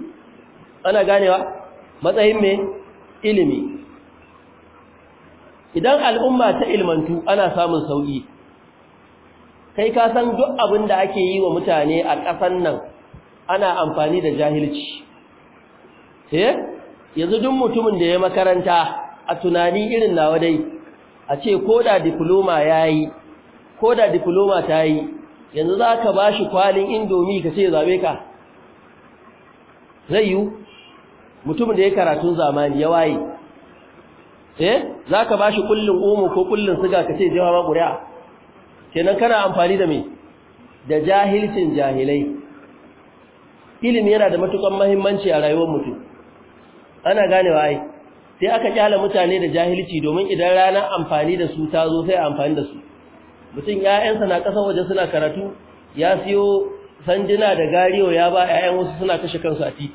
ana ganewa matsayin me ilimi idan al'umma ta ilmantu ana samun sauki kai ka san duk abin da ake yi wa mutane a ƙasan nan ana amfani da jahilci eh yanzu duk mutumin da ya makaranta a tunani irin nawa dai a ce ko da diploma yayi ko da diploma ta yi yanzu za ka ba shi kwalin indomi ka ce zabe ka zai yiwu mutumin da ya karatun zamani ya waye eh za ka ba shi kullum omo ko kullum Suga ka ce jawa ma ƙuri'a kenan kana amfani da me da jahilcin jahilai ilimi yana da matukan mahimmanci a rayuwar mutum ana ganewa ai sai aka kyala mutane da jahilci domin idan ranar amfani da su ta zo sai amfani da su mutum ƴaƴansa na ƙasar waje suna karatu ya siyo sanjina da gariyo ya ba 'ya'yan wasu suna kashe kansu a titi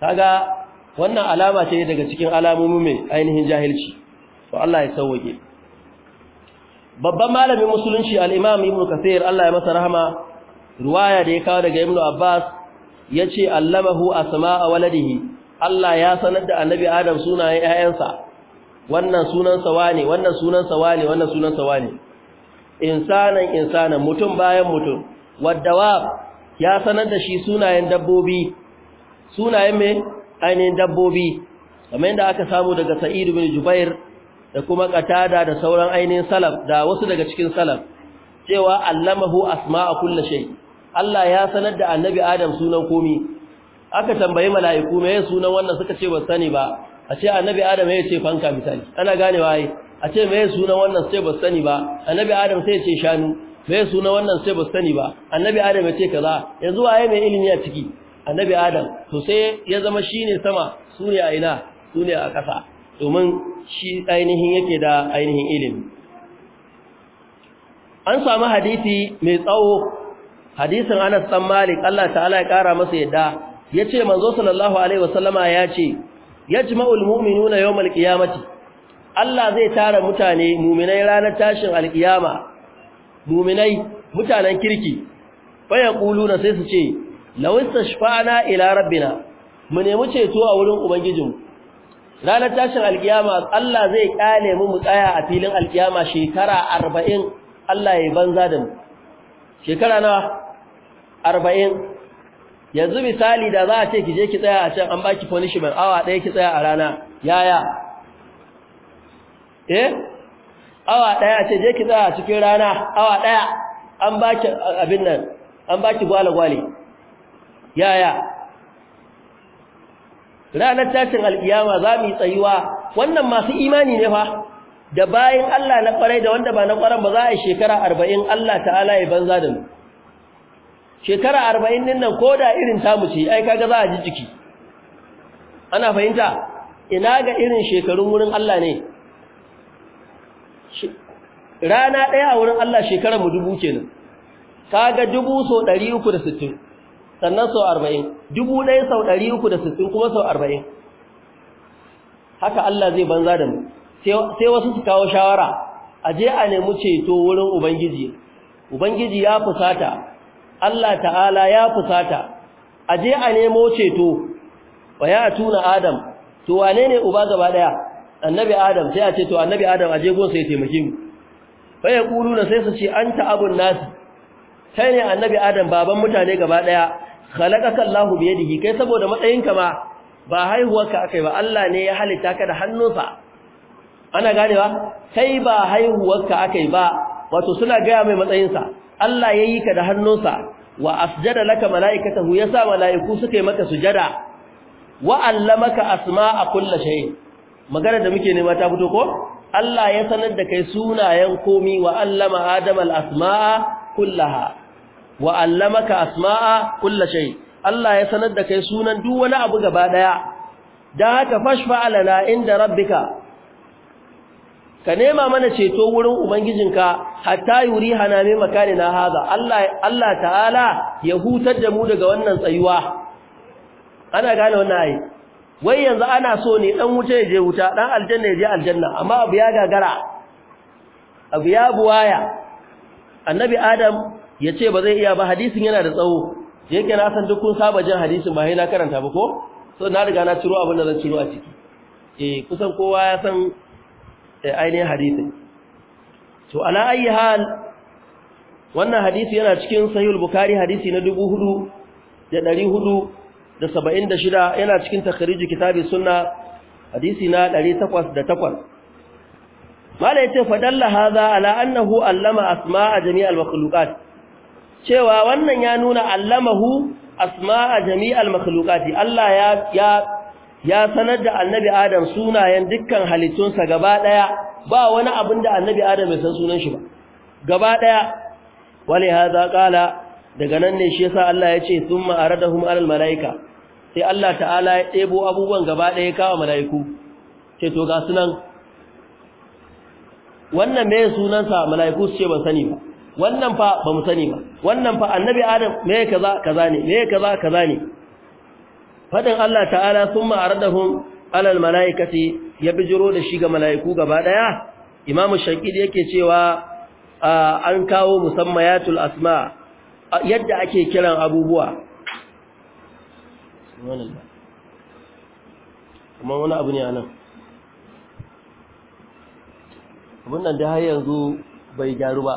kaga wannan alama ce daga cikin alamomi mai ainihin jahilci to Allah ya sauke babban malamin musulunci al-Imam Ibn Kathir Allah ya masa rahama ruwaya da ya kawo daga Ibn Abbas yace allamahu asma'a waladihi Allah ya sanar da annabi Adam sunayen ƴaƴansa wannan sunansa wane wannan sunansa wane wannan sunansa wane insanan insanan mutum bayan mutum waddawa ya sanar da shi sunayen dabbobi sunayen me ainihin dabbobi kamar yadda aka samu daga Sa'id bin Jubair da kuma Qatada da sauran ainihin salaf da wasu daga cikin salaf cewa allamahu asma'a kulli shay Allah ya sanar da annabi Adam sunan komi aka tambayi mala'iku me ya sunan wannan suka ce ba sani ba a ce annabi adam ya ce fanka misali ana gane waye a ce me ya sunan wannan sai ba sani ba annabi adam sai ya ce shanu me ya sunan wannan sai ba sani ba annabi adam ya ce kaza yanzu waye mai ilimi a ciki annabi adam to sai ya zama shine sama sune a ina sune a ƙasa domin shi ainihin yake da ainihin ilimi an samu hadisi mai tsawo hadisin Anas dan Malik Allah ta'ala ya kara masa yadda yace manzo sallallahu alaihi wasallama yace yajma'ul mu'minuna yawmal qiyamati Allah zai tara mutane mu'minai ranar tashin alkiyama mu'minai mutanen kirki faya na sai su ce law istashfa'na ila rabbina mu nemi ceto a wurin ubangijinmu ranar tashin alkiyama Allah zai kyale mu mu tsaya a filin alkiyama shekara 40 Allah ya banza da mu shekara na 40 yanzu misali da za a ce ki je ki tsaya a can an baki punishment awa ɗaya ki tsaya a rana yaya eh awa ɗaya ce je ki tsaya a cikin rana awa ɗaya an baki abin nan an baki gwale-gwale yaya ranar tashin alkiyama za mu yi tsayuwa wannan masu imani ne fa da bayan Allah na kwarai da wanda ba na kwaran ba za a yi shekara arba'in Allah ta'ala ya banza da mu shekara arba'in din nan ko da irin tamu ce ai kaga za a ji jiki ana fahimta ina ga irin shekarun wurin Allah ne rana ɗaya a wurin Allah shekarar mu dubu kenan kaga dubu so ɗari uku da sittin sannan so arba'in dubu ɗaya sau ɗari uku da sittin kuma so arba'in haka Allah zai banza da mu sai wasu su kawo shawara a je a nemi ceto wurin Ubangiji Ubangiji ya fusata Allah ta'ala ya fusata aje a nemo ceto wa ya tuna adam to wane ne uba gaba daya annabi adam sai a ce to annabi adam aje gon sai taimake mu fa na sai su ce anta abun nas kai ne annabi adam baban mutane gaba daya khalaqaka Allahu bi yadihi kai saboda matsayinka ma ba haihuwarka akai ba Allah ne ya halitta ka da hannunsa ana ganewa sai ba haihuwarka akai ba wato suna ga mai matsayinsa Allah ya yi ka da hannunsa wa asjada laka mala'ikatahu ya sa mala'iku suka yi maka sujada wa allamaka asma'a kulla shay magana da muke nema ta fito ko Allah ya sanar da kai sunayen komi wa allama asmaa kullaha wa allamaka asma'a kulla Allah ya sanar da kai sunan duk wani abu gaba ɗaya dan haka fashfa alana inda rabbika ka nema mana ceto wurin ubangijinka hatta yuri hana mai makani na haza Allah Allah ta'ala ya hutar da mu daga wannan tsayuwa ana gane wannan ai wai yanzu ana so ne dan wuta ya je wuta dan aljanna ya je aljanna amma abu ya gagara abu ya buwaya annabi adam ya ce ba zai iya ba hadisin yana da tsawo yake na san duk kun saba jin hadisin ba sai na karanta ba ko so na riga na ciro abin da zan ciro a ciki eh kusan kowa ya san Eh, ainihin hadisin to ala ayi hal wannan hadisi yana cikin sahihul bukhari hadisi na 4476 yana cikin takhrij kitabi sunna hadisi na 808 mala yace fadalla hadha ala annahu allama asma'a jami'al makhluqat cewa wannan ya nuna allamahu asma'a jami'al makhluqati Allah ya ya ya sanar da annabi adam sunayen dukkan halittunsa gaba daya ba wani abin da annabi adam ya san sunan shi ba gaba daya wali hadha qala daga nan ne shi yasa Allah ya ce thumma aradahum alal malaika sai Allah ta'ala ya debo abubuwan gaba daya kawo malaiku ce to ga sunan wannan me sunansa malaiku su ce ban sani ba wannan fa ba mu sani ba wannan fa annabi adam me kaza kaza ne me kaza kaza ne fadin Allah ta'ala summa aradahum alal malaikati ya bijiro da shi ga malaiku gaba daya imamu shaqid yake cewa an kawo musammayatul asma yadda ake kiran abubuwa kuma wani abu ne anan abun nan da har yanzu bai gyaru ba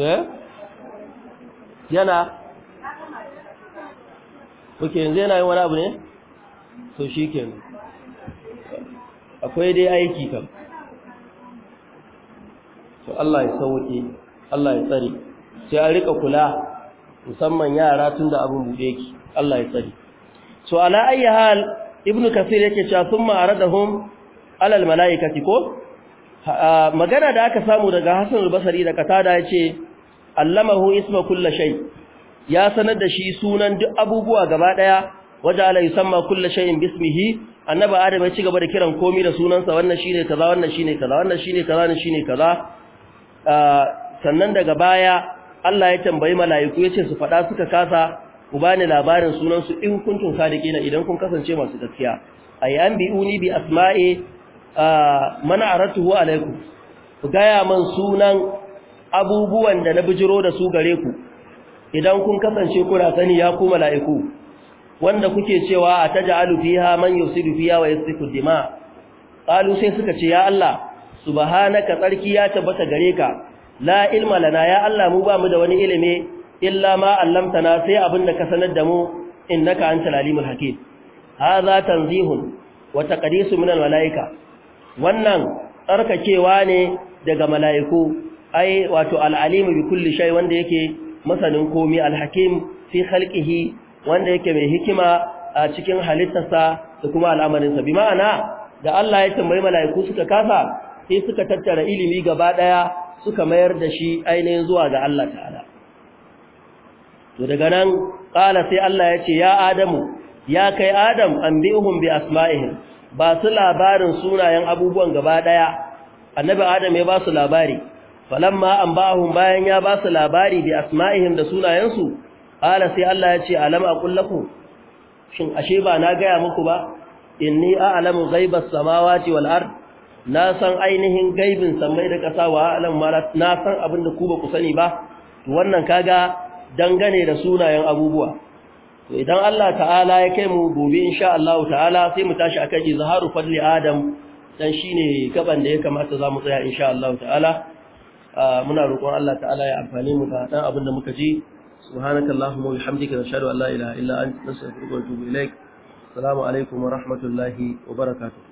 eh yana ok yanzu yana yin wani abu ne so shi kenan akwai dai aiki kan. to Allah ya sauke Allah ya tsare sai a rika kula musamman yara tun da abin bude ki Allah ya tsare to ala ayi hal ibnu kasir yake cewa summa aradahum alal al malaikati ko magana da aka samu daga Hassan al-Basri da Qatada yace allamahu isma kulla shay ya sanar da shi sunan duk abubuwa gaba daya waje ala yusamma kullu shay'in bismihi annabi adam ya ci gaba da kiran komai da sunansa wannan shine kaza wannan shine kaza wannan shine kaza wannan shine kaza ah, sannan daga baya Allah ya tambayi mala'iku yace su fada suka kasa ku bani labarin sunansu in kuntum sadiqina idan kun kasance masu gaskiya ay anbi'uni bi asma'i ah, man aratuhu alaikum ku gaya man sunan abubuwan da na bijiro da su gare ku idan kun kasance kuna sani ya ku mala'iku wanda kuke cewa a taj'alu fiha man yusidu fiha wa yasfiku dima qalu sai suka ce ya Allah subhanaka tsarki ya tabbata gare ka la ilma lana ya Allah mu ba mu da wani ilimi illa ma allamtana sai abin da ka sanar da mu innaka antal alimul hakim hadha tanzihun wa taqdisu min al malaika wannan tsarkakewa ne daga mala'iku ai wato al alimu bi kulli shay wanda yake masanin komi alhakim fi khalqihi wanda yake mai hikima a cikin halittarsa da kuma al'amarinsa bi ma'ana da Allah ya tambayi mala'iku suka kasa sai suka tattara ilimi gaba daya suka mayar da shi ainihin zuwa ga Allah ta'ala to daga nan kala sai Allah ya ce ya adamu ya kai adam anbi'uhum bi asma'ihim ba su labarin sunayen abubuwan gaba daya annabi adam ya ba su labari falamma anba'ahum bayan ya ba su labari bi asma'ihim da sunayensu qala sai Allah ya ce alam aqul lakum shin ashe ba na gaya muku ba inni a'lamu ghaibas samawati wal ard na san ainihin gaibin samai da ƙasa wa a'lamu ma na san abin da ku ba ku sani ba to wannan kaga dangane da sunayen abubuwa to idan Allah ta'ala ya kai mu gobe insha Allah ta'ala sai mu tashi akan izharu fadli adam dan shine gaban da ya kamata zamu tsaya insha Allah ta'ala muna roƙon Allah ta'ala ya amfani mu da dan abin da muka ji subhanakallahumma wa bihamdika nashhadu an la ilaha illa anta nastaghfiruka wa natubu alaikum wa rahmatullahi wa barakatuh